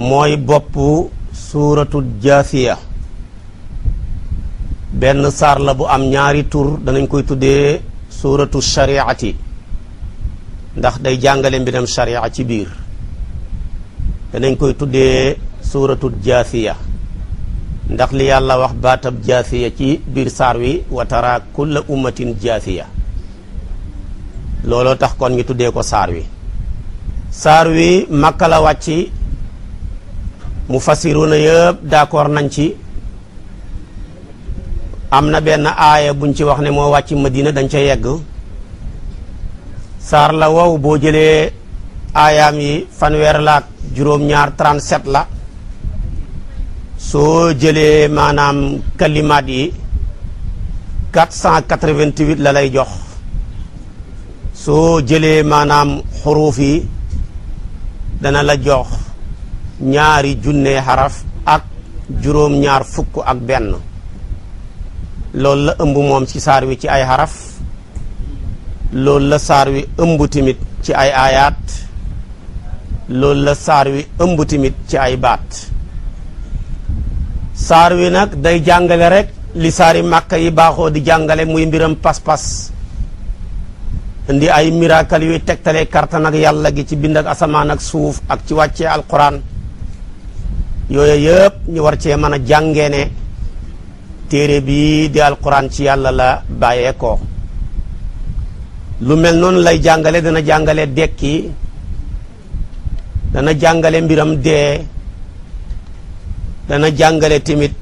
mooy bopp suuratul jaasiya benn saar la bu am ñaari tur danañ koy tuddee suuratu shariati ndax day jàngale mbiram sharia ci biir danañ koy tuddee suuratul jaafiya ndax li yàlla wax baatab jaasiya ci biir saar wi wa tara kulla ummatin jaasiya looloo tax kon ñu tuddee ko saar wi saar wi makka la wàcc mu fassiruna yëpp d'accord nañ ci am na benn aaya buñ ci wax ne moo wàcc Madina dañ ca yegg saar la wow boo jëlee aayaam yi fanweer la ak juróom-ñaar 37 la soo jëlee maanaam kalimaat yi 488 la lay jox soo jëlee maanaam xuruuf yi dana la jox ñaari junne xaraf ak juróom-ñaar fukk ak benn loolu la ëmb moom ci saar wi ci ay xaraf loolu la saar wi ëmb tamit ci ay aayaat loolu la saar wi ëmb tamit ci ay baat saar wi nag day jàngale rek li saari màkka yi baaxoo di jàngale muy mbiram pas-pas indi ay miracle yuy tegtale kartan ak yàlla gi ci bind ak asamaan ak suuf ak ci wàcce alquran yooyu yëpp ñu war cee mën a jàngee ne téere bii di alquran ci yàlla la bàyyeekoo lu mel noonu lay jàngale dana jàngale dekki dana jàngale mbiram dee dana jàngale tamit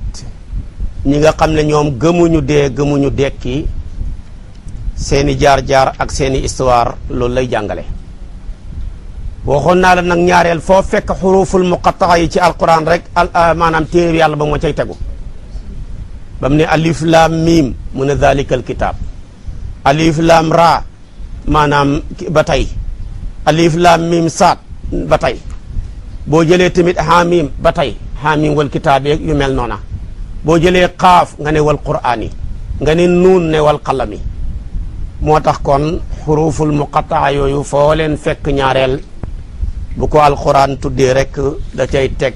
ñi nga xam ne ñoom gëmuñu dee gëmuñu dekki seeni jaar-jaar ak seeni histoire loolu lay jàngale waxoon naa la nag ñaareel foo fekk xuruful muqataa yi ci alquran rek al ah, maanaam téere yàlla ba moo cay tegu ba mu ne alif miim mu ne dalika kitaab alif laam raa maanaam ba tey alif miim saat ba tey boo jëlee tamit xaamiim ba tey xaamiim wal kitaab yu mel noona boo jëlee xaaf nga ne wal quraan nga ne nuun ne wal qalami moo tax kon xuruful muqataa yooyu foo leen fekk ñaareel bu ko alxuraan tuddee rekk da cay teg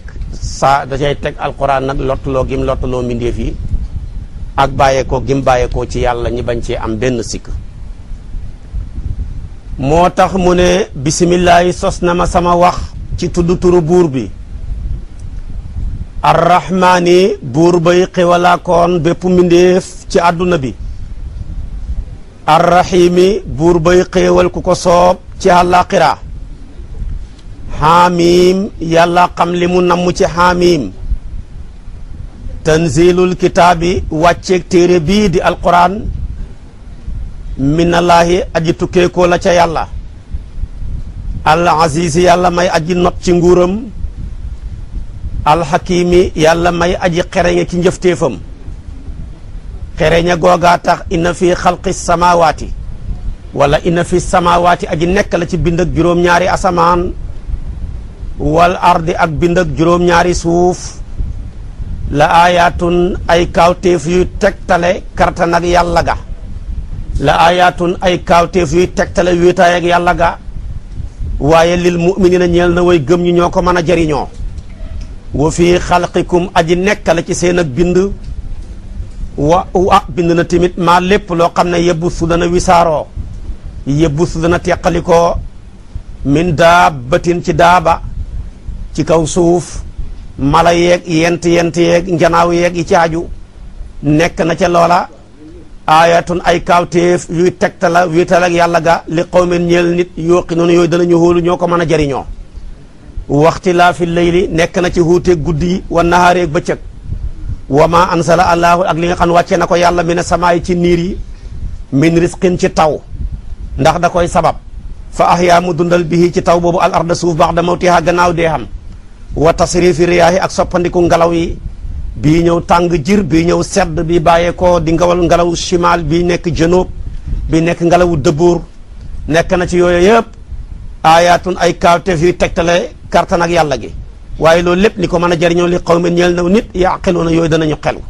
saa da cay teg alxuraan nag lottuloo gim lottuloo mbindeef yi ak bàyyeekoo gim bàyyeekoo ci yàlla ñi bañ cee am benn sikk moo tax mu ne bisimillahi sos na ma sama wax ci tudd buur bi arrahmaani buur bay xewalaakoon bépp mbindeef ci àdduna bi arrahimi buur bay xéewal ku ko soob ci àllaaxira xaamiim yàlla xam li mu namm ci xaamiim tanzilul kitaabi wàcceeg téere bii di alquran minallaahi aji tukkeekoo la ca yàlla al azizi yàlla may aji not ci nguuram alxakimi yàlla may aji xereñe ci njëfteefam xereñe googaa tax inna fi xalqi samawaati wala inna fi samawaati aji nekk la ci bind ak juróom-ñaari asamaan wal ardi ak bind ak juróom-ñaari suuf la aayaatun ay kaawteef yuy tegtale kartan yàlla ga la aayaatun ay kaawteef yuy tegtale wéetaay ak yàlla ga waaye lil mu'minina ñeel na way gëm ñoo ko mën a jariñoo wa fii xalqikum aji nekkale ci seen ak bind wa ah bind na tamit maa lépp loo xam ne yebbu su dana wisaaroo yebbu su dana teqalikoo min daabatin ci daaba ci kaw suuf mala yeeg yent yent yeeg njanaaw yeeg yi ci aju nekk na ca loola aayatun ay kaawteef yuy tegtala wiital ak yàlla ga li qawmin ñeel nit yooqi noonu yooyu danañu hóolu ñoo ko mën a jariñoo waxti laa fi layli nekk na ci huuteeg guddi yi wa nahaareeg bëccëg wa ma ansala allahu ak li nga xam ne wàcce na ko yàlla mi ne samaay ci niir yi min risqin ci taw ndax da koy sabab fa ahyaa mu dundal bihi ci taw boobu al arda suuf baax da mawtiha gannaaw dee xam waa wa tasrifi riyaahi ak soppandiku ngelaw yi bii ñëw tàng jir bii ñëw sedd bi bàyyeekoo di ngawal ngelaw chimal bii nekk janoob bi nekk ngelawu dëbbuur nekk na ci yooyu yëpp aayaatun ay kaawteef yuy tegtale kartan ak yàlla gi waaye loolu lépp li ko mën a jëriñoo li xaw ma ñeel na nit yaqiluuna yooyu danañu xelu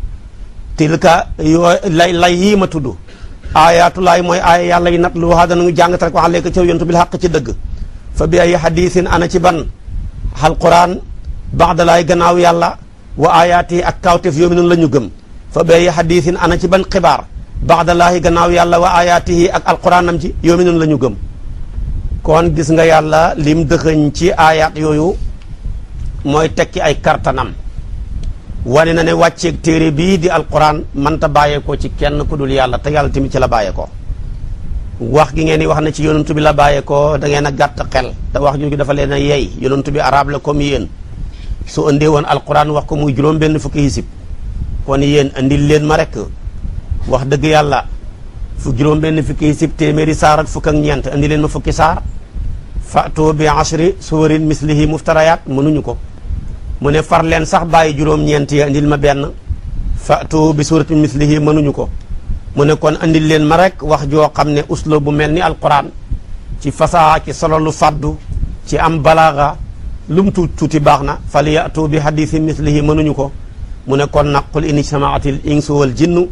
tilka yooyu lay lay yii ma tudd laay mooy aaya yàlla yi nat lu danañu jàngat rek wax léegi ca yontu bil ci dëgg fa bi ay hadisin ana ci ban alquran baxdalaay gannaaw yàlla wa ayaat yi ak kawteef yoomi noonu la ñu gëm fa beyi xadiisin ana ci ban xibaar baxdalaahi gannaaw yàlla wa ayaatihi ak alquranam ci yoomi noonu la ñu gëm kon gis nga yàlla lim dëxëñ ci ayaat yooyu mooy tekki ay kartanam wane na ne wàcceeg téere bii di alquran manta bàyyeekoo ci kenn ku dul yàlla te yàlla tamit ci la bàyyeekoo wax gi ngeen di wax na ci yonantu bi la bàyyeekoo da ngeen a gàtt xel te wax jooju dafa leen yey yonantu bi arab la comme su indee woon alquran wax ko muy juróom benn fukki hisib kon yéen indil leen ma rek wax dëgg yàlla fu juróom benn fukki hisib téeméeri saar ak fukk ak ñeent indi leen ma fukki saar fatoo bi ashri suwarin mislihi muftarayaat mënuñu ko mu ne far leen sax bàyyi juróom-ñeent ya indil ma benn fatoo bi suratin mislihi mënuñu ko mu ne kon indil leen ma rek wax joo xam ne uslo bu mel ni alquran ci fasaa ci sololu faddu ci am balaaga lu mu tuuti tuuti baax na fal yatu bi hadisin mislihi mënuñu ko mu ne kon nag qul in ijtamaat al insu wal jinnu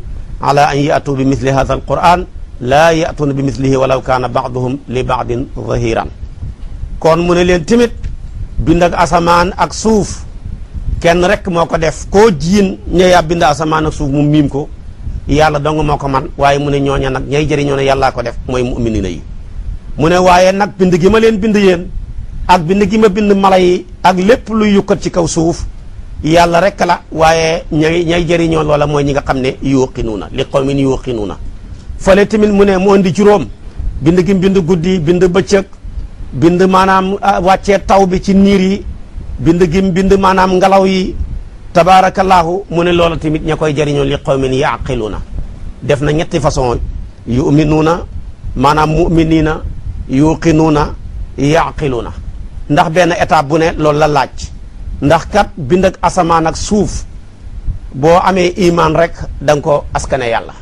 ala an yatu bi misli hadha al quran laa yatuuna bi mislihi walaw kaana baaduhum li baadin zahiran kon mu ne leen tamit bindak asamaan ak suuf kenn rek moo ko def koo jiin ña yaa bind asamaan ak suuf mu miim ko yàlla dong moo ko man waaye mu ne ñooña nag ñay jëriñoo ne yàllaa ko def mooy mu'minina yi mu ne waaye nag bind gi leen bind yéen ak bind gi bind mala yi ak lépp luy yukkat ci kaw suuf yàlla rek la waaye ñay ñay jëriñoo loola mooy ñi nga xam ne yuqinuuna li qawmin yuqinuuna fële tamit mu ne mu indi juróom bind gi bind guddi bind bëccëg bind maanaam ah, wàccee taw bi ci niir yi bind gim bind maanaam ngelaw yi tabaarakallaahu mu ne loola tamit ña koy jëriñoo li qawmin yaqiluuna def na ñetti façon yuminuuna maanaam muminiina yuqinuuna yaqiluuna ndax benn étape bu ne loolu la laaj ndax kat bind ak asamaan ak suuf boo amee imaan rek da ko askane yàlla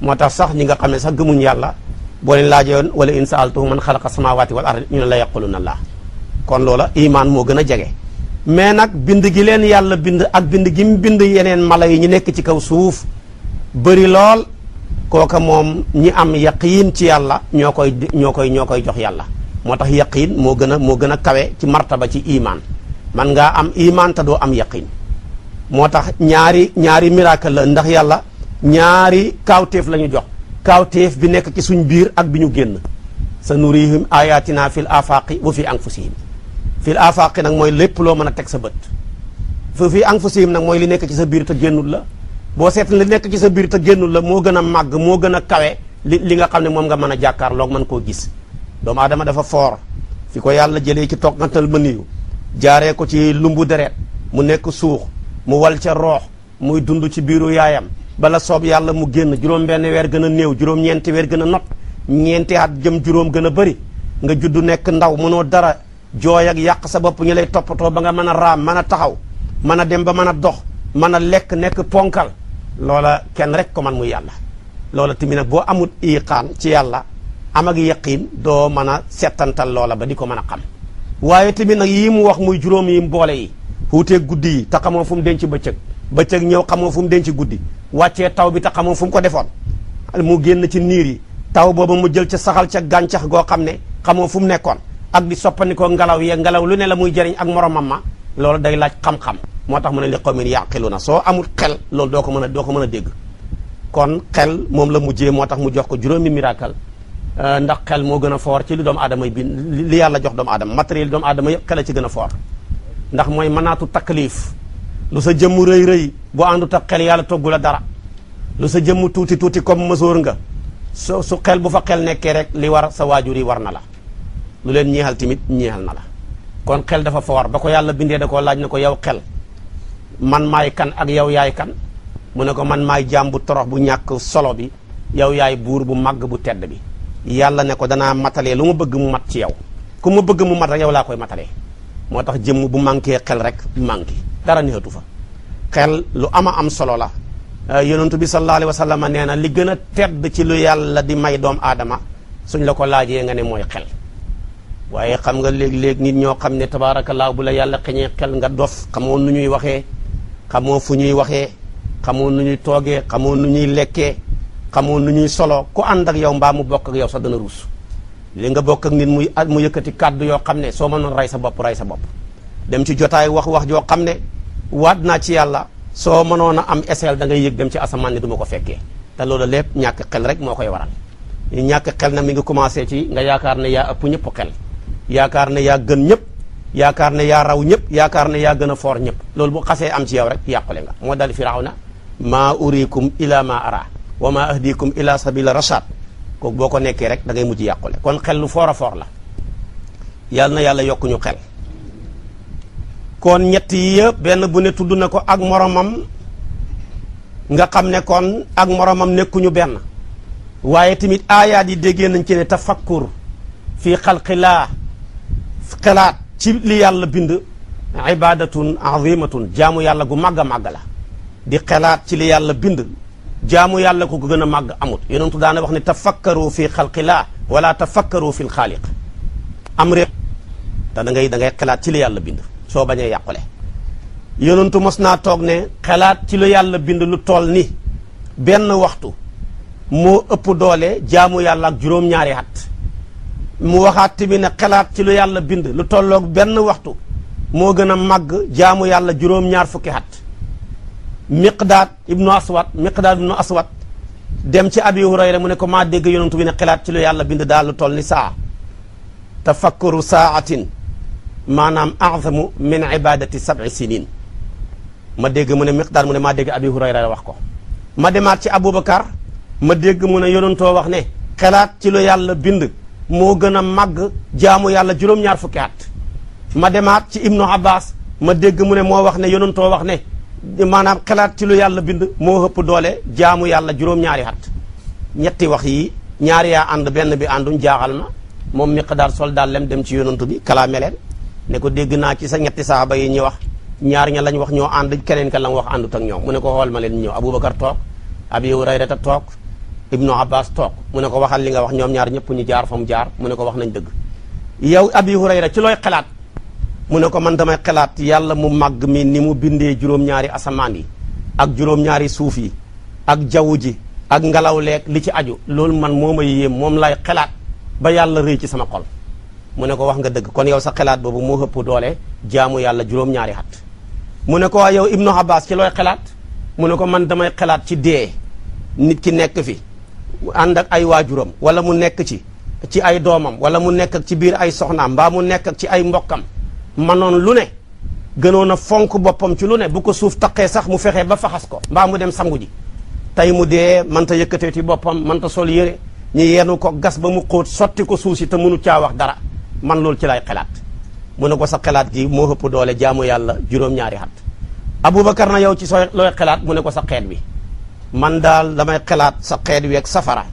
moo tax sax ñi nga xam ne sax gëmuñ yàlla boo leen laajoon wala in saaltuhu man xalaqa samaawaati wal ard ñu ne la na laa kon loola imaan moo gën a jege mais nag bind gi leen yàlla bind ak bind gi mu bind yeneen mala yi ñu nekk ci kaw suuf bëri lool kooka moom ñi am yaqiin ci yàlla ñoo koy ñoo koy ñoo koy jox yàlla moo tax yaqiin moo gën a moo gën a kawe ci martaba ci iman man ngaa am iman te doo am yaqiin moo tax ñaari ñaari miracle la ndax yàlla ñaari kaawteef la ñu jox kaawteef bi nekk ci suñ biir ak bi ñu génn sa nurihim ayatina fil afaqi wa fi anfusihim fil afaqi nag mooy lépp loo mën a teg sa bët fa fi anfusihim nag mooy li nekk ci sa biir te génnul la boo seet li nekk ci sa biir te génnul la moo gën a màgg moo gën a kawe li li nga xam ne moom nga mën a jàkkaarloog mën koo gis doomu aadama dafa foor fi ko yàlla jëlee ci toqantal ma niyu jaaree ko ci lumbu deret mu nekk suux mu wal ca roox muy dund ci biiru yaayam bala soob yàlla mu génn juróom-benn weer gën a néew juróom-ñeenti weer gën a not ñeenti at jëm juróom gën a bëri nga juddu nekk ndaw mënoo dara jooy ak yàq sa bopp ñu lay toppatoo ba nga mën a raam mën a taxaw mën a dem ba mën a dox mën a lekk nekk ponkal loola kenn rek ko man muy yàlla loola tamit nag boo amul iqaan ci yàlla am ak yaqin doo mën a settantal loola ba di ko mën a xam waaye tamit nag yi mu wax muy juróom yi mu boole yi wuuteeg guddi yi te xamoo fu mu denc bëccëg bëccëg ñëw xamoo fu mu denc guddi wàccee taw bi te xamoo fu mu ko defoon mu génn ci niir yi taw booba mu jël ca saxal ca gàncax goo xam ne xamoo fu mu nekkoon ak di soppandikoo ngelaw yee ngelaw lu ne la muy jëriñ ak moromam ma loolu day laaj xam-xam moo tax mu ne li qawmin soo amul xel loolu doo ko mën a doo ko mën a dégg kon xel moom la mujjee moo tax mu jox ko juróomi miracle Euh, ndax xel moo gën a foor ci li doomu aadama yi bi li yàlla jox doomu aadama matériel doomu aadama yëpp xel a ci gën a foor ndax mooy mënaatu taklif lu sa jëmm rëy rëy bu àndut ak xel yàlla toggu la dara lu sa jëmmu tuuti tuuti comme mësoor nga so su xel bu fa xel nekkee rek li war sa waajur yi war na la lu leen ñeexal tamit ñeexal na la kon xel dafa foor ba ko yàlla bindee da koo laaj na ko yow xel man maay kan ak yow yaay kan mu ne ko man maay jaam bu bu ñàkk solo bi yow yaay buur bu màgg bu tedd bi yàlla ne ko danaa matalee lu ma bëgg mu mat ci yow ku ma bëgg mu mat rek yow laa koy matalee moo tax jëmm bu manqué xel rek manqué dara neexatu fa xel lu ama am solo la euh, yonentu bi sallallahu alayhi wa sallam nee na li gën a tedd ci lu yàlla di may doom aadama suñ la ko laajee nga ne mooy xel waaye xam nga léeg-léeg nit ñoo xam ne tabaarakallaa bu la yàlla xeñee xel nga dof xamoo nu ñuy waxee xamoo fu ñuy waxee xamoo nu ñuy toogee xamoo nu ñuy lekkee xamoo nu ñuy solo ko ànd ak yow mbaa mu bokk ak yow sax dana ruus li nga bokk ak nit muy mu yëkkati kàddu yoo xam ne soo mënoon rey sa bopp rey sa bopp dem ci jotaay wax wax joo xam ne waat naa ci yàlla soo mënoon a am eseel da ngay yëg dem ci asaman ne du ma ko fekkee te loolu lépp ñàkk xel rek moo koy waral ñàkk xel na mi nga commencé ci nga yaakaar ne yaa ëpp ñëpp xel yaakaar ne yaa gën ñëpp yaakaar ne yaa raw ñëpp yaakaar ne yaa gën a foor ñëpp loolu bu xasee am ci yow rek yàqule nga moo dal firawna maa urikum ila ma ara wa ma ahdikum ila sabila rashad ko boo ko nekkee rek dangay mujj yàqule kon xel lu foor a foor la yàlla na yàlla yokku ñu xel kon ñett yi yëpp benn bu ne tudd na ko ak moromam nga xam ne kon ak moromam nekkuñu benn waaye tamit aayaat yi déggee nañ ci ne tafakkur fii xalqilaa xelaat ci li yàlla bind ibadatun azimatun jaamu yàlla gu màgg a màgg la di xelaat ci li yàlla bind jaamu yàlla ko gën a màgg amut yonentu daana wax ne tafakkaru fi xalqillah wala tafakkaru fi lxaaliq am réew te da ngay da ngay xalaat ci li yàlla bind soo bañee yàqule yonentu mos naa toog ne xalaat ci lu yàlla bind lu tool ni benn waxtu moo ëpp doole jaamu yàlla ak juróom at mu waxaat tamit ne xalaat ci lu yàlla bind lu tolloog benn waxtu moo gën a màgg jaamu yàlla juróom-ñaar fukki at miqdaad ibnu aswad miqdaad ibnu aswad dem ci abi hurayra mu ne ko maa dégg yonantu tu ne xalaat ci lu yàlla bind daal lu toll ni saa tafakkaru saatin maanaam azamu min ibadati sab'i sinin ma dégg mu ne miqdaad mu ne maa dégg abi hurayra wax ko ma demaat ci aboubacar ma dégg mu ne yonantoo wax ne xalaat ci lu yàlla bind moo gën a màgg jaamu yàlla juróom-ñaar fukki ma demaat ci ibnu abbas ma dégg mu ne moo wax ne yonantoo wax ne maanaam xalaat ci lu yàlla bind moo ëpp doole jaamu yàlla juróom-ñaari at ñetti wax yi ñaari yaa ànd benn bi ànduñ jaaxal ma moom miqdaar sol daal lem dem ci yonantu bi kalaame leen ne ko dégg naa ci sa ñetti saaba yi ñi wax ñaar ña lañ wax ñoo ànd keneen ka lañ wax àndut ak ñoom mu ne ko xool ma leen ñëw aboubacar toog abi hurayrata toog ibnu abbas took mu ne ko wax waxal li nga wax ñoom ñaar ñëpp ñu jaar fa mu jaar mu ne ko wax nañ dëgg yow mu ne ko man damay xalaat yàlla mu màgg mi ni mu bindee juróom-ñaari asamaan yi ak juróom-ñaari suuf yi ak jaww ji ak ngelaw leeg li ci aju lool man moo may yéem moom lay xalaat ba yàlla rëy ci sama xol mu ne ko wax nga dëgg kon yow sa xalaat boobu moo ëpp doole jaamu yàlla juróom-ñaari at mu ne ko waa yow Ibnu Abbas ci looy xalaat mu ne ko man damay xalaat ci dee nit ki nekk fi ànd ak ay waajuram wala mu nekk ci ci ay doomam wala mu nekk ci biir ay soxnaam mbaa mu nekk ak ci ay mbokkam manoon lu ne gënoon a fonk boppam ci lu ne bu ko suuf taqee sax mu fexe ba faxas ko mbaa mu dem sangu ji tey mu dee mënta yëkkatee ci boppam mënta sol yére ñu yenu ko gas ba mu xóot sotti ko suuf si te mënu caa wax dara man loolu ci lay xelaat mu ne ko sa xelaat gi moo ëpp doole jaamu yàlla juróom-ñaari at Aboubacar na yow ci sooy looy xelaat mu ne ko sa xeet wi man daal damay xelaat sa xeet wi ak safara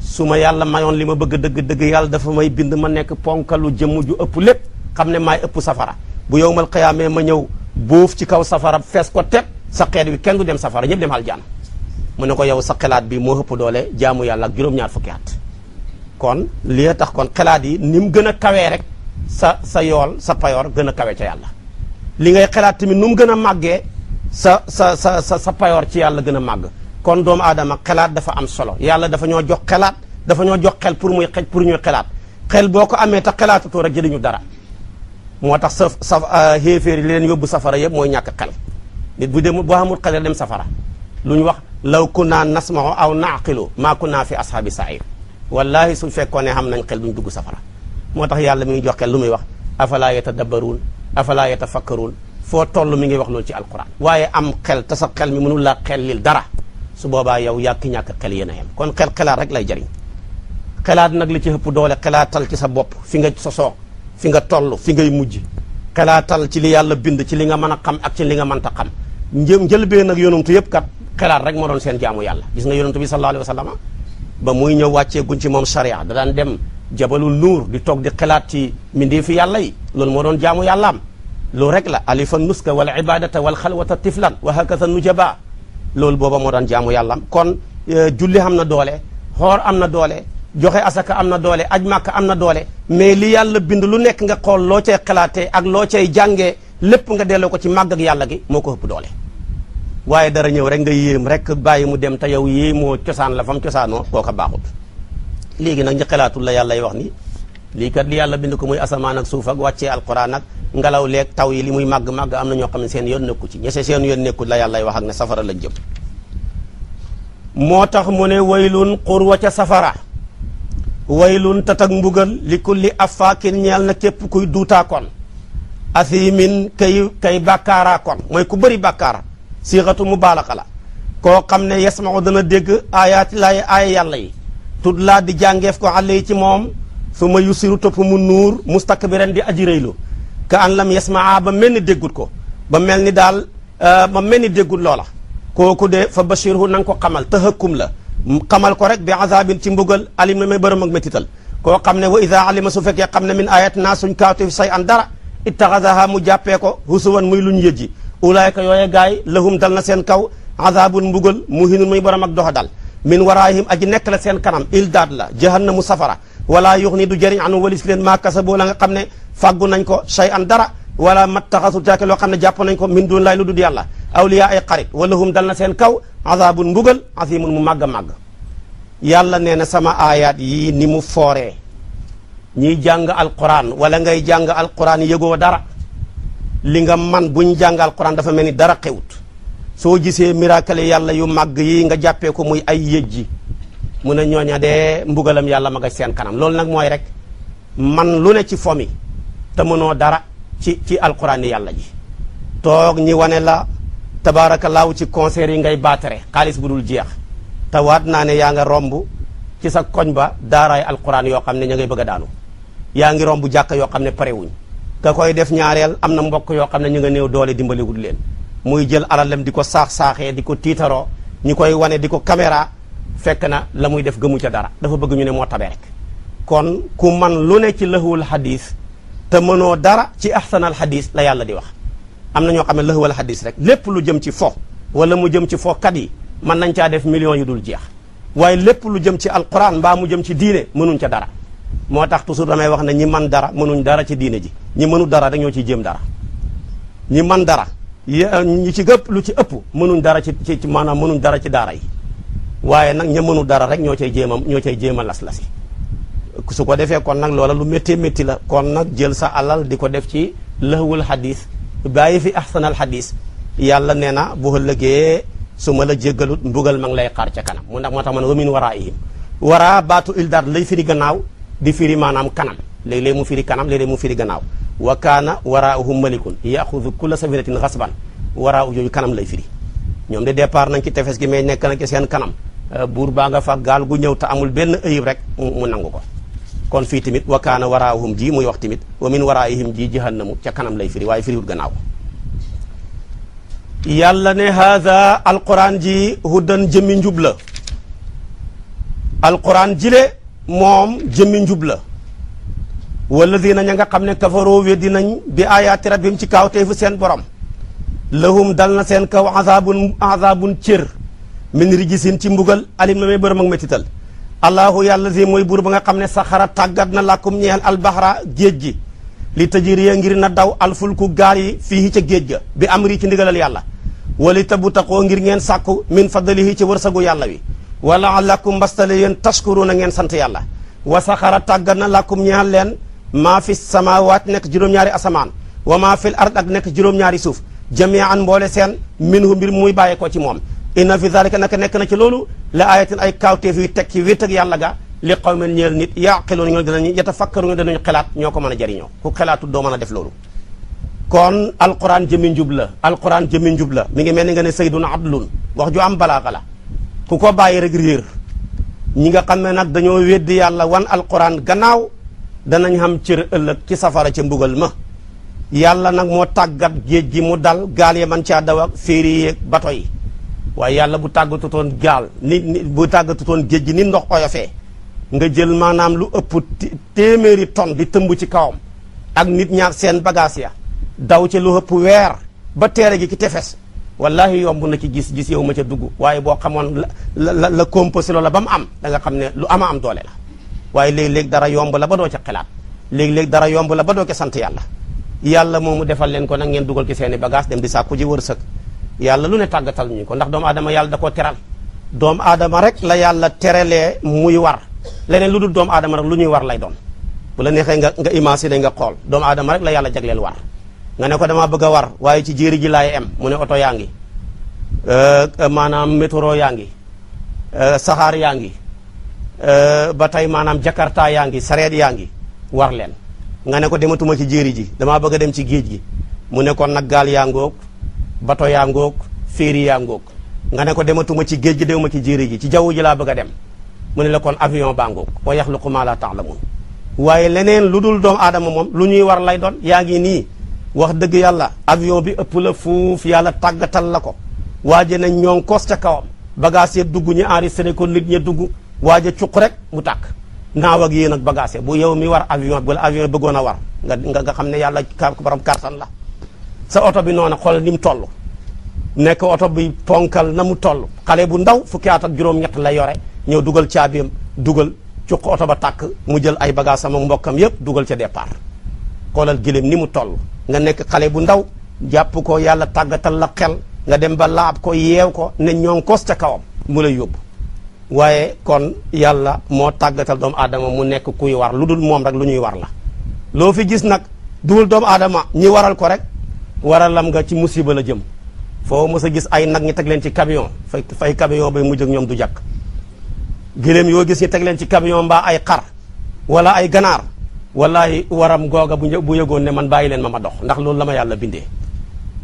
su ma yàlla mayoon li ma bëgg dëgg-dëgg yàlla dafa may bind ma nekk ponkalu jëmm ju ëpp lépp xam ne maay ëpp safara bu yowmal xiyaamee ma ñëw buuf ci kaw safara fees ko teg sa xeet wi kenn du dem safara ñëpp dem aljana mu ne ko yow sa xelaat bi moo ëpp doole jaamu yàlla ak juróom-ñaar fukki at kon li tax kon xelaat yi ni mu gën a kawee rek sa sa yool sa payoor gën a kawe ca yàlla li ngay xelaat tamit nu mu gën a màggee sa sa sa sa sa payoor ci yàlla gën a màgg kon doomu aadama xelaat dafa am solo yàlla dafa ñoo jox xelaat dafa ñoo jox xel pour muy xej pour ñuy xelaat xel boo ko amee te xelaatatoo rek jëriñu dara moo tax sa sa euh, xéeféer leen yóbbu safara yëpp mooy ñàkk xel nit bu dem boo xamul xel dem safara lu ñu wax law kunna nasma'u aw na'qilu maa kunna fi ashaabi sa'ir wallahi su fekkoon ne xam nañ kel duñ dugg safara moo tax yàlla mi ngi jox xel lu muy wax afala yatadabbaruun afala yatafakkaruun foo toll mi ngi wax loolu ci alquran waaye am kel te sa xel mi mënul laa xel lil dara su boobaa yow yàkki ñàkk xel yéen a kon xel xelaat rek lay jariñ xelaat nag li ci doole xelaatal ci sa bopp fi nga sosoo fi nga toll fi ngay mujj xelaatal ci li yàlla bind ci li nga mën a xam ak ci li nga mënta xam njëm njëlbeen ak yonantu yëpp kat xelaat rek moo doon seen jaamu yàlla gis nga yonantu bi sallallahu alayhi wa ba muy ñëw wàccee guñ ci moom charia da dem jabalu nuur di toog di xelaat ci mindee fi yàlla yi loolu moo doon jaamu yàllaam loolu rek la alifa nuska wal ibadata wal xalwata tiflan wa hakasa nujaba loolu booba moo daan jaamu yàllaam kon eh, julli am na doole xoor am na doole joxe asaka am na doole aj màkk am na doole mais li yàlla bind lu nekk nga xool loo cay xalaatee ak loo cay jàngee lépp nga delloo ko ci màgg ak yàlla gi moo ko ëpp doole waaye dara ñëw rek nga yéem rek bàyyi mu dem te yow moo cosaan la fa mu cosaanoo kooka baaxut léegi nag ñu xalaatul la yàlla wax ni lii kat li yàlla bind ko muy asamaan ak suuf ak wàccee alquran ak ngelaw leeg taw yi li muy màgg-màgg am na ñoo xam ne seen yoon nekku ci ñese seen yoon nekku la yàlla wax ak ne safara lañ jëm moo tax mu ne waylun xurwa ca safara waylun tatak mbugal li kulli affaakin ñeel na képp kuy duutaakoon asimin kay kay bàkkaaraakoon mooy ku bari bàkkaara siixatu mubaalaxa la koo xam ne yasmaxu dana dégg aayaati laay aaya yàlla yi tud laa di jàngeef ko àll yi ci moom su ma yusiru topp mu nuur mustakbiran di aji réylu ka an lam yasmaa ba mel ni déggut ko ba mel ni daal euh, ba mel ni déggut loola kooku de fa bashirhu na nga ko xamal tahakkum la xamal ko rek bi azabin ci mbugal alim na may bërëm ak métital koo xam ne wa ali alima su fekkee xam ne min ayat naa suñ kaawteef say an dara ittaxadaha mu jàppee ko husuwan muy luñ yëjji ulaayka yooye gaay lahum dal na seen kaw azabun mbugal muhinun muy borom ak doxa dal min waraayhim aji nekk la seen kanam ildaad la jahannamu safara walaa yux ni du jëriñ anu walis leen maa kasaboo la nga xam ne fàggu nañ ko say an dara wala mattaxasu caake loo xam ne jàpp nañ ko min duun laay lu dul yàlla awliya ay xarit wala hum dal na seen kaw azabun mbugal mun mu màgg a màgg yàlla na sama aayaat yi ni mu fooree ñiy jàng alquran wala ngay jàng alquran yëgoo dara li nga man buñ jàng alquran dafa mel ni dara xewut soo gisee miracle yàlla yu màgg yi nga jàppee ko muy ay yëjji mun a ñooña dee mbugalam yàlla ma nga seen kanam loolu nag mooy rek man lu ne ci fomi te ci ci alquraan yàlla ji toog ñi wane la laaw ci concert yi ngay baatere xaalis bu dul jeex te waat naa ne yaa nga romb ci sa koñ ba daaraay alquraan yoo xam ne ña ngay bëgg a daanu yaa ngi romb jàkka yoo xam ne parewuñ ka koy def ñaareel am na mbokk yoo xam ne ñu nga néew doole dimbaliwul leen muy jël alalam di ko saax-saaxee di ko tiitaroo ñu koy wane di ko caméra fekk na la muy def gëmu ca dara dafa bëgg ñu ne moo tabe rek kon ku man lu ne ci lëxuwul xadis te mënoo dara ci ahsanal xadis la yàlla di wax am na ñoo xam ne lëx wala xadis rek lépp lu jëm ci fo wala mu jëm ci fokat yi mën nañ caa def millions yi dul jeex waaye lépp lu jëm ci alquran mbaa mu jëm ci diine mënuñ ca dara moo tax toujours damay wax ne ñi man dara mënuñ dara ci diine ji ñi mënu dara dañoo ciy jëm dara ñi man dara euh, ñi ci gëpp lu ci ëpp mënuñ dara ci ci maanaam mënuñ dara ci daara yi waaye nag ña mënu dara rek ñoo cay jéem ñoo cay jéem a las-lasi su ko defee kon nag loola lu méttee métti la kon nag jël sa alal di ko def ci lëhwul xadis bàyyi fi ahsanal xadis yàlla nee na bu ëllëgee su ma la jéggalut mbugal ma lay xaar ca kanam mu ndax moo tax man wamin waraihim waraa baatu ildaat lay firi gannaaw di firi maanaam kanam léeg-léeg mu firi kanam léeg mu firi gannaaw wa kaana waraahum malikun yaxudu kulla safinatin xasban waraa u jooju kanam lay firi ñoom de départ nañ ci tefes gi mais nekk nañ ci seen kanam buur baa nga fa gaal gu ñëw te amul benn ayib rek mu ko kon fii tamit wa kaana waraahum ji muy wax tamit wa min waraihim ji jahannamu ca kanam lay firi waaye firiwut gannaaw yàlla ne haada alquran ji hudan jëmmi njub la alquran ji le moom jëmmi njub la walladina ña nga xam ne kafaroo weddi nañ bi ayaati rabbim ci kaawteefu seen borom lahum dal na seen kaw azabun azabun cër min rijisin ci mbugal alim ma may bërëm ak mettital allahu yàlla si mooy buur ba nga xam ne saxara tàggat na làkkum ñeel albahra géej gi li tajiriya ngir na daw alfulku gaar yi fii ca géej ga bi amri ci ndigalal yàlla wali tabu taqoo ngir ngeen sàkku min fadalihi ci wërsagu yàlla wi wala làkkum mbastale yéen na ngeen sant yàlla wa saxara tàggat na làkkum ñeel leen maa fi samaawaat nekk juróom-ñaari asamaan wa maa fil ak nekk juróom-ñaari suuf jamian mboole seen minhu mbir muy bàyyeekoo ci moom inna fi zalika naka nekk na ci loolu la ayatin ay kaawteef yu teg ci wét ak yàlla ga li qawmen ñeel nit yaqiloon ñoo danañu yatafakkaruuna danañu xelaat ñoo ko mën a jëriñoo ku xelaatu doo a def loolu kon alquran jëmi njub la alquran jëmi njub la mi ngi mel ni nga ne saydun adlun wax joo am balaaxa la ku ko bàyyi rek réer ñi nga xam ne nag dañoo weddi yàlla wan alquran gannaaw danañ xam cër ëllëg ci safara ca mbugal ma yàlla nag moo tàggat géej gi mu dal gaal ya man caa daw ak féeri yeeg bato yi waaye yàlla bu tàggatutoon gaal ni bu tàggatutoon géej gi ni ndox oyofee nga jël maanaam lu ëpp téeméeri ton di tëmb ci kawam ak nit ñaar seen bagage ya daw ca lu ëpp weer ba teere gi ki tefes wallahi yombu na ci gis-gis yow ma ca dugg waaye boo xamoon la la la composé loola ba mu am da nga xam ne lu ama am doole la waaye léeg-léeg dara yomb la ba doo ca xalaat léeg-léeg dara yomb la ba doo ca sant yàlla yàlla mu defal leen ko nag ngeen dugal ci seen i bagage dem di sàkku ji wërsëg yàlla lu ne tàggatal ñu ko ndax doomu adama yàlla da koo teral doomu aadama rek la yàlla terelee muy war leneen lu dul doomu aadama rek lu ñuy war lay doon bu la neexee nga nga imaginer nga xool doomu aadama rek la yàlla jagleel war nga ne ko damaa bëgg a war waaye ci jéeri ji laay am mu ne oto yaa ngi euh, maanaam métro yaa ngi euh, saxaar yaa ngi euh, ba tey maanaam jakarta yaa ngi sareet yaa ngi war leen nga ne ko dematuma ci jéeri ji damaa bëgg a dem ci géej gi mu ne kon nag gaal yaa ngoog bato yaa ngoog féeri yaa ngoog nga ne ko dematuma ci géej gi demuma ci jéeri ji ci jaww ji laa bëgg a dem mu ne la kon avion baa ngoog wa yaxluqu maa laa ta'lamuun waaye leneen lu dul doomu aadama moom lu ñuy war lay doon yaa ngi nii wax dëgg yàlla avion bi ëpp la fuuf yàlla tàggatal la ko waaje nañ ñoon ngi kos ca kawam bagage ya dugg ñu enregistré ko nit ña dugg waaje cuq rek mu tàkk naaw ak yéen ak bagage bu yow mi war avion bu la avion bëggoon a war nga nga xam ne yàlla borom kartan la sa oto bi noona xool ni mu toll nekk oto bi ponkal na mu toll xale bu ndaw fukki at ak juróom-ñett la yore ñëw dugal caabiam dugal cuq oto ba tàkk mu jël ay bagage sama mbokkam yëpp dugal ca départ xoolal gëléem ni mu toll nga nekk xale bu ndaw jàpp ko yàlla tàggatal la xel nga dem ba laab ko yeew ko ne ñoo ca kawam mu la yóbbu waaye kon yàlla moo tàggatal doomu aadama mu nekk ku war lu dul moom rek lu ñuy war la loo fi gis nag duwul doomu aadama ñi waral ko rek lam nga ci musiba la jëm foo mos a gis ay nag ñi teg leen ci camion fay fay camion bay mujj ak ñoom du jàkk gëléem yoo gis ñi teg leen ci camion mbaa ay xar wala ay ganaar wallahi waram googa bu bu yëgoon ne man bàyyi leen ma ma dox ndax loolu la ma yàlla bindee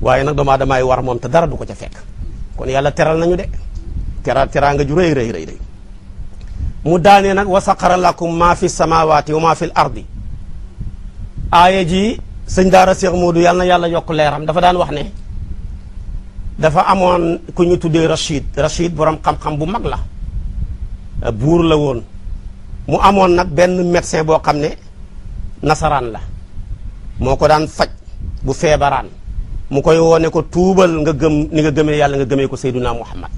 waaye nag doomu aadamaay war moom te dara du ko ca fekk kon yàlla teral nañu de tera teraanga ju rëy rëy rëy mu daanee nag wa saqara lakum ma fi samawati wa ma fi l ardi aaya ji sëñ daara Cheikh Modou yàlla na yàlla yokk leeram dafa daan wax ne dafa amoon ku ñu tuddee Rachid Rachid borom xam-xam bu mag la buur la woon mu amoon nag benn médecin boo xam ne nasaraan la moo ko daan faj bu feebaraan mu koy woo ne ko tuubal nga gëm ni nga gëmee yàlla nga gëmee ko Seydunaa Muhammad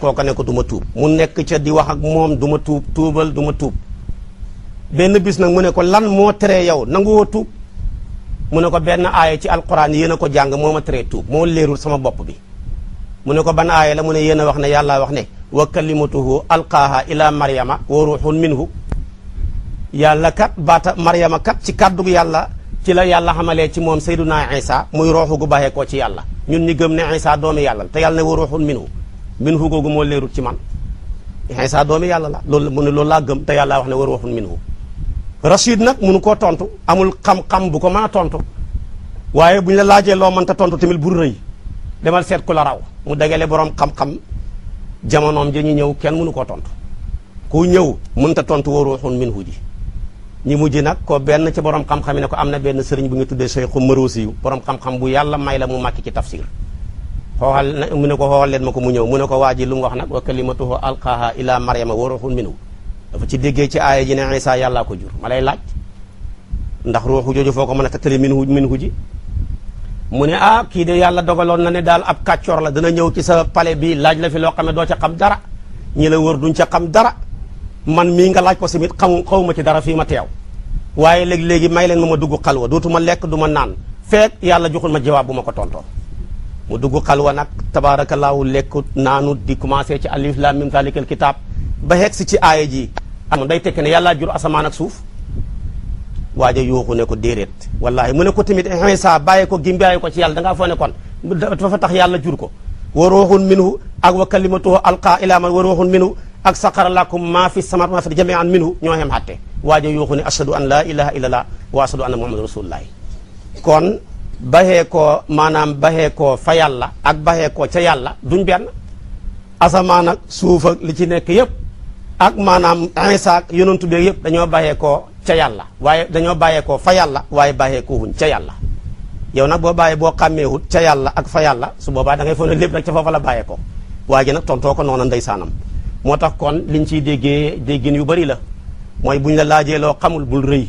kooka ne ko du ma tuub mu nekk ca di wax ak moom du ma tuub tuubal du ma tuub benn bis nag mu ne ko lan moo teree yow nanguwoo tuub mu ne ko benn aaya ci alquran yéen a ko jàng moo ma tere tuub moo leerul sama bopp bi mu ne ko ban aaya la mu ne yéen a wax ne yàlla wax ne wa kalimatuhu alqaaha ila maryama wa ruuxun minhu yàlla kat baata maryama kat ci kàddug yàlla ci la yàlla xamalee ci moom sayduna isa muy rooxu gu baxee koo ci yàlla ñun ñi gëm ne isa doomi yàlla te yàlla ne wa ruuxun minhu minhu moo leerul ci man isa doomi yàlla la loolu mu ne loolu laa gëm te yàlla wax ne wa ruuxun minhu Rachid nag mënu koo tontu amul xam-xam bu ko mën a tontu waaye bu ñu la laajee loo mënta tontu tamit bu rëy demal seet ku la raw mu dagale borom xam-xam jamonoom ja ñu ñëw kenn mënu koo tontu ku ñëw mënta tontu wa ruuxun minhu ji ñu mujj nag ko benn ci borom xam-xam yi ne ko am na benn sëriñ bu nga tuddee Cheikhu Marosi yu borom xam-xam bu yàlla may la mu màkki ci tafsir xooxal mu ne ko xooxal leen ma ko mu ñëw mu ne ko waa ji lu mu wax nag wa kalimatuhu alqaaha ila maryama wa ruuxun minhu dafa ci déggee ci aaya ji ne Isa yàllaa ko jur ma lay laaj ndax ruuxu jooju foo ko mën a tattali min hu min hu ji mu ne ah kii de yàlla dogaloon na ne daal ab kàccoor la dana ñëw ci sa pale bi laaj la fi loo xam ne doo ca xam dara ñi la wër duñ ca xam dara man mii nga laaj ko simit xamu xawma ci dara fii ma teew waaye léegi-léegi may leen ma ma dugg xalwa dootuma lekk du ma naan feet yàlla joxul ma jawaab bu ma ko tontoo mu dugg xalwa nag tabaarakallaahu lekk naanu di commencé ci alif lam mim zalikal kitaab ba xegsi ci aaya ji am day tekki ne yàllaa jur asamaan ak suuf waaja yooxu ne ko déeréet wallaahi mu ne ko tamit Iisaa eh, bàyyi ko gim ko ci yàlla dangaa foo ne kon dafa tax yàlla jur ko wa ruuxun minhu ak wa kalimatuhu alqaa ilaa man wa ruuxun minhu ak saqara lakum maa fi samaat maa fi jamian minhu ñoo xem xatte waaja yooxu ne ashadu an laa ilaha illallah wa ashadu anna muhammadan rasulullahi kon baxee koo maanaam baxee koo fa yàlla ak baxee koo ca yàlla duñ benn asamaan ak li ci nekk yëpp ak maanaam Iisaa ak yonantu yëpp dañoo bàyyeekoo ca yàlla waaye dañoo bàyyeekoo fa yàlla waaye bàyyeekowuñ ca yàlla yow nag boo bàyyee boo xàmmeewut ca yàlla ak fa yàlla su boobaa da ngay foog lépp rek ca foofa la bàyyeekoo waa ji nag tontoo ko noona saanam moo tax kon liñ ciy déggee déggin yu bari la mooy buñ la laajee loo xamul bul rëy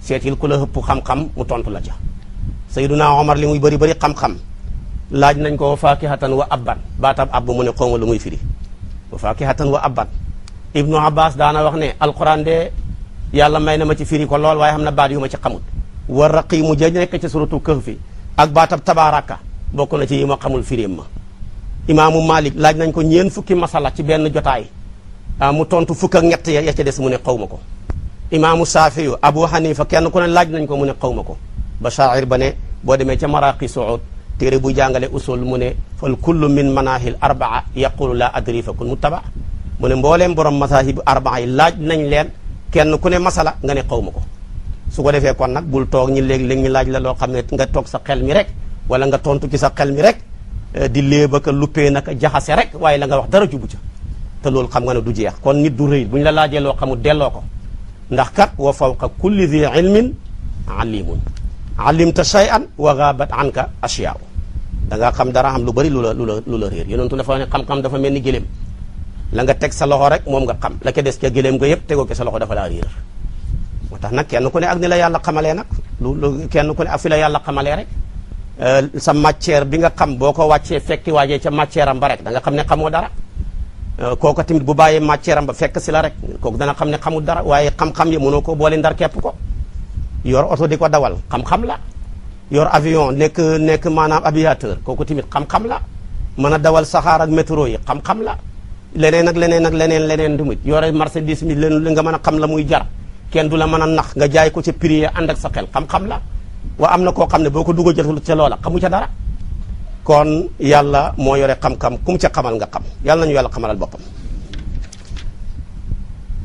seetil ku la ëpp xam-xam mu tontu la ca Sayyiduna Omar li muy bari bari xam-xam laaj nañ ko faakihatan wa abban baatab abb mu ne xawma lu muy firi wa faakihatan wa abban ibnu abbas daana wax ne alquran de yàlla may na ma ci firi ko lool waaye xam na baat yu ma ci xamul wa raqiimu ja nekk ci suratul kahfi ak baatab tabaaraka bokku na ci yi ma xamul firim ma imaamu malik laaj nañ ko ñeen fukki masala ci benn jotaay ah, mu tontu fukk ak ñett ya ca des mu ne xaw ma ko imaamu saafiyu abu hanifa kenn ku ne laaj nañ ko mu ne xaw ma ko ba shaacir ba ne boo demee ca maraqi suud téere bu jàngale usul mu ne fal kullu min manahil arbaa yaqulu la adri fa kun muttaba mu ne mbooleem borom masaahibu arbaa yi laaj nañ leen kenn ku ne masala nga ne xaw ma ko su ko defee kon nag bul toog ñi léegi léegi ñi laaj la loo xam ne nga toog sa xel mi rek wala nga tontu ci sa xel mi rek eh, di léeb ak luppee nag jaxase rek waaye la nga wax dara jubu ca te loolu xam nga ne du jeex kon nit du rëy bu ñu la laajee loo xamul delloo ko ndax kat wa fawqa kulli di ilmin alimun alimta shay'an wa gaabat anka ashiyaa da ngaa xam dara am lu bari lu lu la lu la réer yonentu dafa ne xam-xam dafa mel ni gëléem la nga teg sa loxo rek moom nga xam la ca des ca gëléem nga yëpp tegoo ko sa loxo dafa laa riir moo tax nag kenn ku ne ak ni la yàlla xamalee nag lu kenn ku ne ak fi la yàlla xamalee rek euh, sa matière bi nga xam boo ko wàccee fekki waajee ca matière am ba rek da nga xam ne xamoo dara euh, kooku tamit bu bàyyee matière am ba fekk si la rek kooku dana xam ne xamul dara waaye xam-xam yi mënoo ko boole ndar képp ko yoor oto di ko dawal xam-xam la yor avion nekk nekk maanaam aviateur kooku tamit xam la mën a dawal saxaar ak yi xam la leneen ak leneen ak leneen leneen du mujj yore marchandise mi leen li nga mën a xam la muy jar kenn du la mën nax nga jaay ko ca prix ànd ak sa xel xam la waa am na koo xam ne boo ko dugg jotul ca loola xamu ca dara kon yàlla moo yore xam-xam kum ca xamal nga xam yàlla nañu yàlla xamalal boppam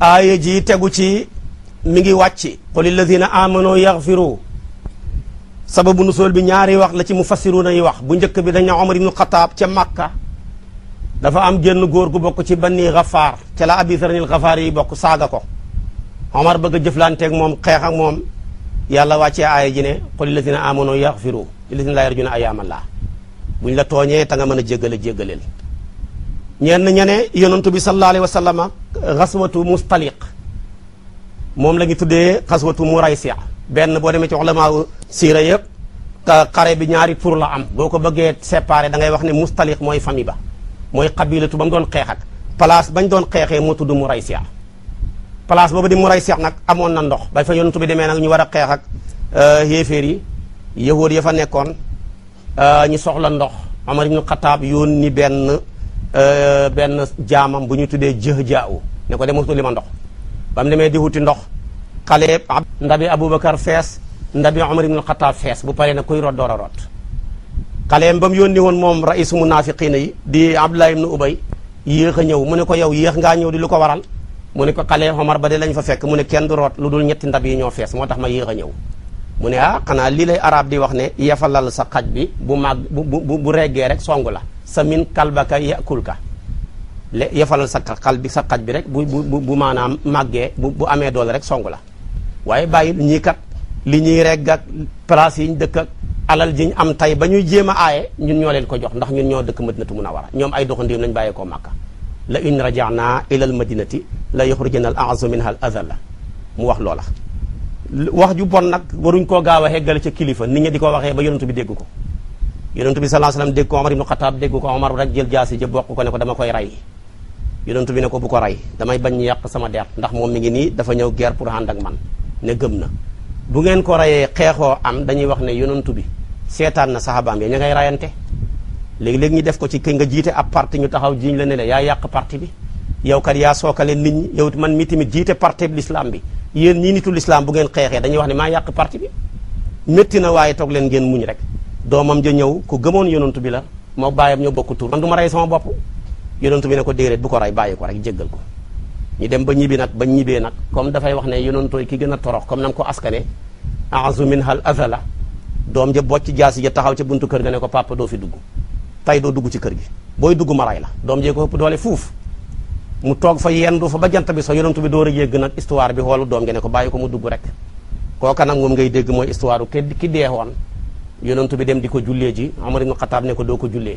aaya ji tegu ci mi ngi wàcc qul illazina amanu yaxfiru sababu sool bi ñaari wax la ci mufassiruuna yi wax bu njëkk bi dañ na Omar ibnu Xataab ca Makka dafa am génn góor gu bokk ci banni xafaar ca la abi sarnil xafaar yi bokk saaga ko omar bëgg a jëflanteeg moom xeex ak moom yàlla wàccee aaya ji ne qul lillazina amanu yaxfiru lillazina laa yarjuna ayyaamallah buñ la tooñee ta nga mën a jéggale jéggaleel ñenn ña ne yonantu bi sallallahu alayhi wa sallam xaswatu mustaliq moom la ñu tuddee xaswatu muraysi benn boo demee ci ulamaaw siira yëpp xare bi ñaari tur la am boo ko bëggee séparé da ngay wax ne mustaliq mooy famille ba mooy tu ba mu doon xeex ak place bañ doon xeexee moo tudd Muraysiya place boobu di Muraysiya nag amoon na ndox ba fa yoon bi demee nag ñu war a xeex ak euh, yéeféer yi yahóod ya fa nekkoon euh, ñu soxla ndox Omar ibnu Xataab yónni benn euh, benn jaamam bu ñu tuddee jëhjaaw ne nekkoo dem wutu li ma ndox ba mu demee di wuti ndox xale ndabi Aboubacar fees ndabi Omar ibnu Xataab fees bu paree nag kuy rot door a xaleem ba mu yónni woon moom raisu munaafiqiina yi di Abdullah ibn Ubay yéex a ñëw mu ne ko yow yéex ngaa ñëw di lu ko waral mu ne ko xale Omar ba de lañ fa fekk mu ne kenn du root lu dul ñetti ndab yi ñoo fees moo tax ma yéex a ñëw mu ne ah xanaa lii lay arab di wax ne yefalal sa xaj bi bu mag bu bu reggee rek song la sa min kalbaka yakulka yefalal sa xal bi sa xaj bi rek bu bu bu maanaam màggee bu bu amee doole rek song la waaye bàyyi ñii kat li ñuy regg ak place yi ñu dëkk ak alal ji ñu am tay ba ñuy jéem a aaye ñun ñoo leen ko jox ndax ñun ñoo dëkk madinatu munawara ñoom ay doxandiim lañ bàyyeekoo màkka la in rajaana ilal madinati la yuxrijana al a'zu minha al azalla mu wax loola wax ju bon nag waruñ koo gaaw a heggale ca kilifa nit ñi di ko waxee ba yonentu bi dégg ko yonentu bi sallallahu alayhi wasallam dégg ko Omar ibnu dégg ko ma rek jël jaasi ja bokk ko ne ko dama koy rey yonentu bi ne ko bu ko rey damay bañ yàq sama der ndax moom mi ngi nii dafa ñëw guerre pour ànd ak man ne gëm na bu ngeen ko rayee xeexoo am dañuy wax ne yonantu bi seetaan na saxaabaam ya ña ngay rayante léegi léeg ñu def ko ci ki nga jiite ab parti ñu taxaw jiiñ la ne la yaa yàq parti bi yow kat yaa sookale nit ñi yow man mi tamit jiite parti bi l'islam bi yéen ñii nitu l'islam bu ngeen xeexee dañuy wax ne maa yàq parti bi métti na waaye toog leen ngeen muñ rek doomam ja ñëw ku gëmoon yonontu bi la moo bàyyam ñoo bokk tur man du ma rey sama bopp yonantu bi ne ko déedéet bu ko rey bàyyi ko rek jéggal ko ñu dem ba ñibbi nag ba ñibbee nag comme dafay wax ne yonantooy ki gën a torox comme nam ko askane azu min hal azala doom ja bocc jaasi ja taxaw ca buntu kër ga ne ko papa doo fi dugg tay doo dugg ci kër gi booy dugg maray la doom jee ko ëpp doole fuuf mu toog fa yendu fa ba jant bi so yonantu bi door a yëgg nag histoire bi xoolu doom gi ne ko bàyyi ko mu dugg rek kooka nag moom ngay dégg mooy histoire u dee deexoon yonantu bi dem di ko jullee ji Amar ibn Xataab ko doo ko jullee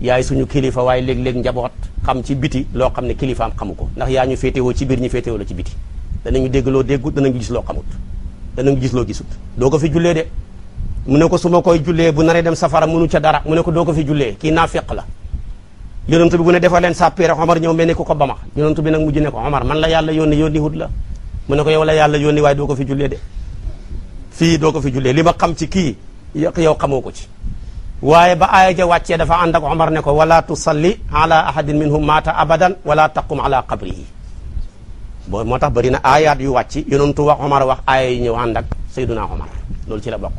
yaay suñu kilifa waaye léeg-léeg njaboot xam ci biti loo xam ne kilifaam xamu ko ndax yaa ñu féetewoo ci biir ñu féetewoo la ci biti danañu dégg loo déggut danañu gis loo xamut danañu gis loo gisut doo ko fi jullee de mu ne ko su ma koy jullee bu naree dem safara mënu ca dara mu ne ko doo ko fi jullee kii naafeq la yonent bi bu ne defal leen sàppi rek Omar ñëw mel ni ku ko ba ma yonent bi nag mujj ne ko Omar man la yàlla la mu ne ko yow la yàlla yónni waaye doo ko fi doo ko fi jullee li ma xam ci kii yow xamoo ko ci waaye ba aaya ja wàccee dafa ànd ak Omar ne ko wala tusalli ala ahadin minhum maata abadan wala taqum ala qabrihi boo moo tax bari na aayaat yu wàcc tu wax Omar wax aaya yi ñëw ànd ak sayduna Omar loolu ci la bokk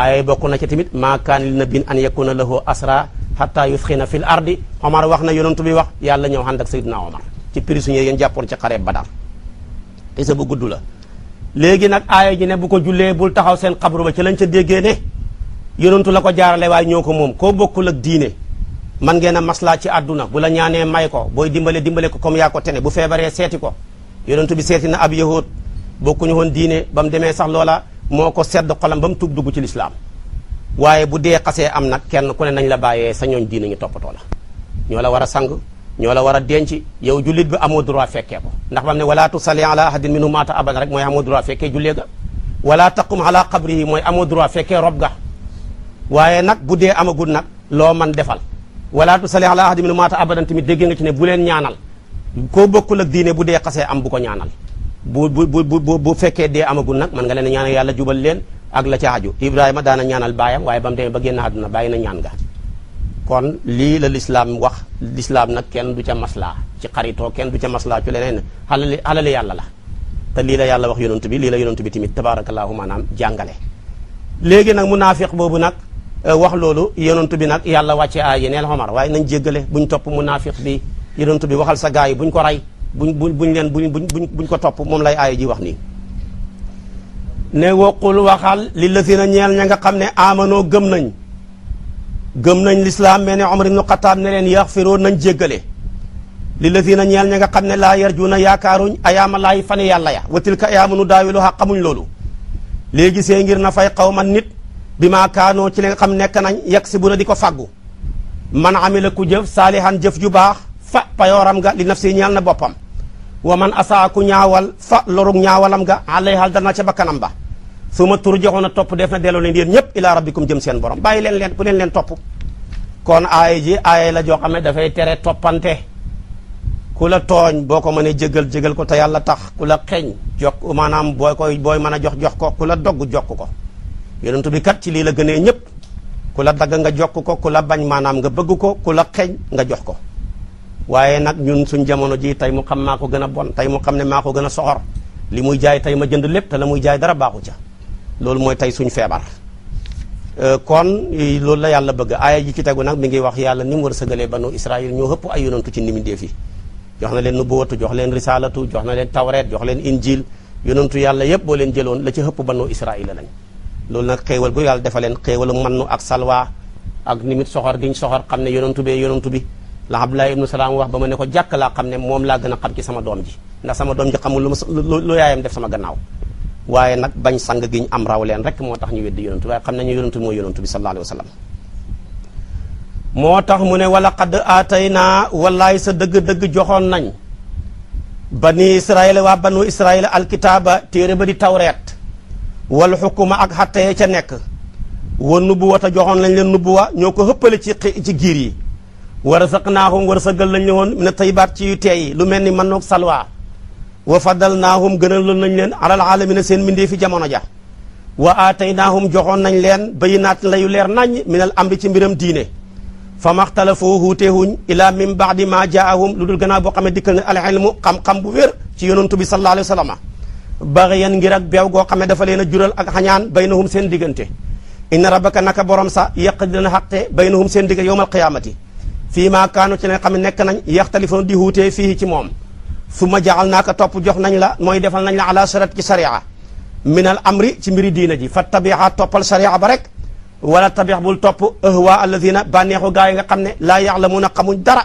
aaya yi na ci tamit maa kaana li nabiyyin an yakuna lahu asra hatta yusxina fil ardi Omar wax na yonentu bi wax yàlla ñëw ànd ak sayduna Omar ci prisonnier yéen jàppoon ci xare Badar te bu gudd la léegi nag aaya ji ne bu ko jullee bul taxaw seen xabru lañ ca yonantu la ko jaarale waaye ñoo ko moom koo bokkul ak diine man ngeen a maslaa ci àdduna bu la ñaanee may ko booy dimbale dimbale ko comme yaa ko tene bu feebaree seeti ko yonantu bi seeti na ab yahud bokkuñu woon diine ba mu demee sax loola moo ko sedd xolam ba mu tug dugg ci lislaam waaye bu dee xasee am nag kenn ku ne nañ la bàyyee sa ñooñ diine ñu toppatoo la ñoo la war a sang ñoo la war a denc yow jullit bi amoo droit fekkee ko ndax bam ne wala tusalli ala ahadin minhum maata abadan rek mooy amoo droit fekkee jullee ga wala taqum ala qabrihi mooy amoo droit fekkee rob ga waaye nag bu dee amagul nag loo man defal wala tu sali la ahadin minhum maata abadan tamit dégg nga ci ne bu leen ñaanal koo la ak diine bu dee xasee am bu ko ñaanal bu bu bu bu fekkee dee amagul nag mën nga leen ñaanal yàlla jubal leen ak la ca aju Ibrahima daana ñaanal baayam waaye ba mu demee ba génn àdduna bàyyi na ñaan ga kon lii la lislaam wax lislaam nag kenn du ca maslaa ci xaritoo kenn du ca maslaa ci leneen xalali xalali yàlla la te yàlla wax yonent bi lii la yonent bi tamit tabaarakallaahu maanaam jàngale léegi nag munaafiq Euh, wax loolu yonent bi nag yàlla wàcce aay yi neel xomar waaye nañ jéggale buñ topp munaafiq bi yonent bi waxal sa gaay yi buñ ko rey buñ buñ leen buñ buñ buñ ko topp moom lay aaya ji wax nii ne waqul waxal li na ñeel ña nga xam ne amanoo gëm nañ gëm nañ lislaam mel ne Omar ibnu Xataab ne leen yaxfiroo nañ jéggale li na ñeel ña nga xam ne laa yarjuuna yaakaaruñ ayaama laay fan yàlla ya wa tilka ayaamu nu daawiluhaa xamuñ loolu léegi see ngir na fay xaw man nit bi maa kaanoo ci li nga xam nekk nañ yegg si bu na di ko faggu man la ku jëf saalihan jëf ju baax fa payooram nga li nafsi ñeel na boppam wa man asaa ku ñaawal fa lorug ñaawalam nga alayha dana ca bakkanam ba su ma tur joxoon a topp def na delloo leen yéen ñëpp ilaa rabbikum jëm seen borom bàyyi leen leen bu leen leen topp kon aaya ji aaya la joo xam ne dafay tere toppante ku la tooñ boo ko mënee jégal jégal ko te yàlla tax ku la xeeñ jox maanaam booy koy booy mën a jox jox ko ku dogg jox ko yonentu bi kat ci lii la gënee ñëpp ku la dagg nga jox ko ku la bañ maanaam nga bëgg ko ku la xeeñ nga jox ko waaye nag ñun suñ jamono ji tey mu xam maa ko gën a bon tey mu xam ne maa ko gën a soxor li muy jaay tey ma jënd lépp te la muy jaay dara baaxu ca loolu mooy tey suñ feebar euh, kon lool la yàlla bëgg aaya ji ci tegu nag mi ngi wax yàlla ni mu war a sëgalee banu israil ñoo ëpp ay yonantu ci ni mu def yi jox na leen nubuwatu jox leen risalatu jox na leen tawreet jox leen injil yonantu yàlla yëpp boo leen jëloon la ci ëpp banu israil lañ loolu nag xéewal gu yàlla defaleen xéewalu mannu ak salwa ak nimit soxor giñ soxor xam ne yonantu bee yonantu bi la Abdulaay ibnu Salaam wax ba ma ne ko jàkk laa xam ne moom laa gën a xam sama doom ji ndax sama doom ji xamul lu ma lu yaayam def sama gannaaw waaye nag bañ sang giñ am raw leen rek moo tax ñu weddi yonantu waaye xam nañu yonantu bi mooy yonantu bi sallallahu moo tax mu ne wala xadd tey naa wallaay sa dëgg-dëgg joxoon nañ bani israila waa banu israila alkitaaba téere ba di tawreet wal xukuma ak xatte ya ca nekk wa nubuwata joxoon lañ leen nubuwa ñoo ko xëppale ci ci giir yi warzaqnaahum wërsëgal lañ leen woon mina tayyibaat ci yu teey lu mel ni man noog salwa wa faddalnaahum gënaloon nañ leen alal aalamiina seen mbindee fi jamono ja wa aataynaahum joxoon nañ leen bayinaat la yu leer naññ minal amri ci mbiram diine fa maxtalafu wuuteewuñ ilaa min baadi maa jaahum lu dul ganaa boo xamee ne dikkal ne al ilmu xam-xam bu wér ci yonantu bi sallallahu alayhi wa sallam baxyan ngir ak beew goo xam ne dafa leen a jural ak xañaan baynahum seen diggante inna rabbaka naka borom sa yaqdi dana xaqte baynahum seen digg yowmal qiyaamati fii maa kaanu ci leen xam ne nekk nañ yaxtalifoon di huutee fii ci moom summa jaxal naaka topp jox nañ la mooy defal nañ la ala sarat ci sariya minal amri ci mbiri diina ji fa tabiha toppal sariya ba rek wala tabix bul topp ahwa alladina bànneexu gaa yi nga xam ne laa yaxlamuuna xamuñ dara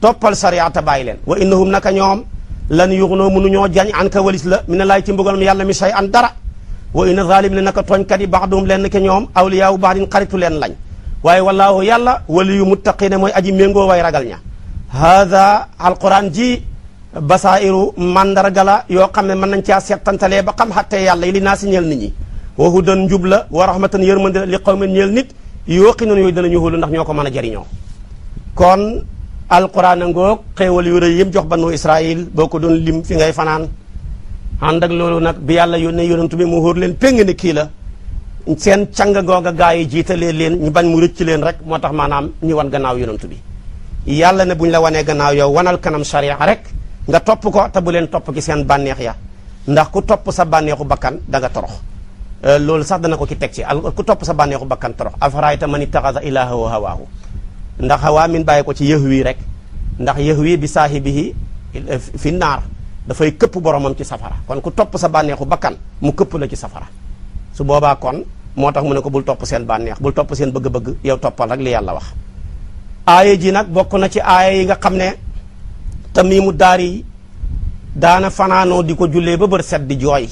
toppal sariya ta bàyyi leen wa innahum naka ñoom lan yuxnoo mënuñoo jañ an ka walis la mi ne laay ci mbugalam yàlla mi say an dara wa inna zalim ne naka tooñkat yi baxdum lenn ke ñoom awliyaawu baxdin xaritu leen lañ waaye wallaahu yàlla waliyu muttaqina mooy aji méngoo way ragal ña haada alquran ji basairu mandarga la yoo xam ne mën nañ caa settantalee ba xam xattee yàlla yi li naa si ñeel nit ñi wa hudan njub la wa rahmatan yërmande li xawmin ñeel nit yooqi noonu yooyu danañu hóolu ndax ñoo ko mën a jariñoo alquran a ngoog xéewal yu rëy yëpp jox banu israil boo ko doon lim fi ngay fanaan ànd ak loolu nag bi yàlla na yonantu bi mu hóor leen péng ne kii la seen càng googa gaa yi jiitalee leen ñu bañ mu rëcc leen rek moo tax maanaam ñu wan gannaaw yonantu bi yàlla ne bu la wanee ganaaw yow wanal kanam sharia rek nga topp ko te bu leen topp ci seen bànneex ya ndax ku topp sa bànneexu bakkan da nga torox euh, loolu sax dana ko ki teg ci ku topp sa bànneexu bakkan torox afarayta man ittaxasa ilaahahu hawaahu ndax waa min bàyyi ko ci yëx wii rek ndax yëx wii bi saahibihi eh, fi naar dafay këpp boromam ci safara kon ku topp sa bànneexu bakkan mu këpp la ci safara su boobaa kon moo tax mu ne ko bul topp seen bànneex bul topp seen bëgg-bëgg yow toppal rek li yàlla wax aaya ji nag bokk na ci aaya yi nga xam ne tamiimu daari yi daana fanaanoo di ko jullee ba bër set di jooy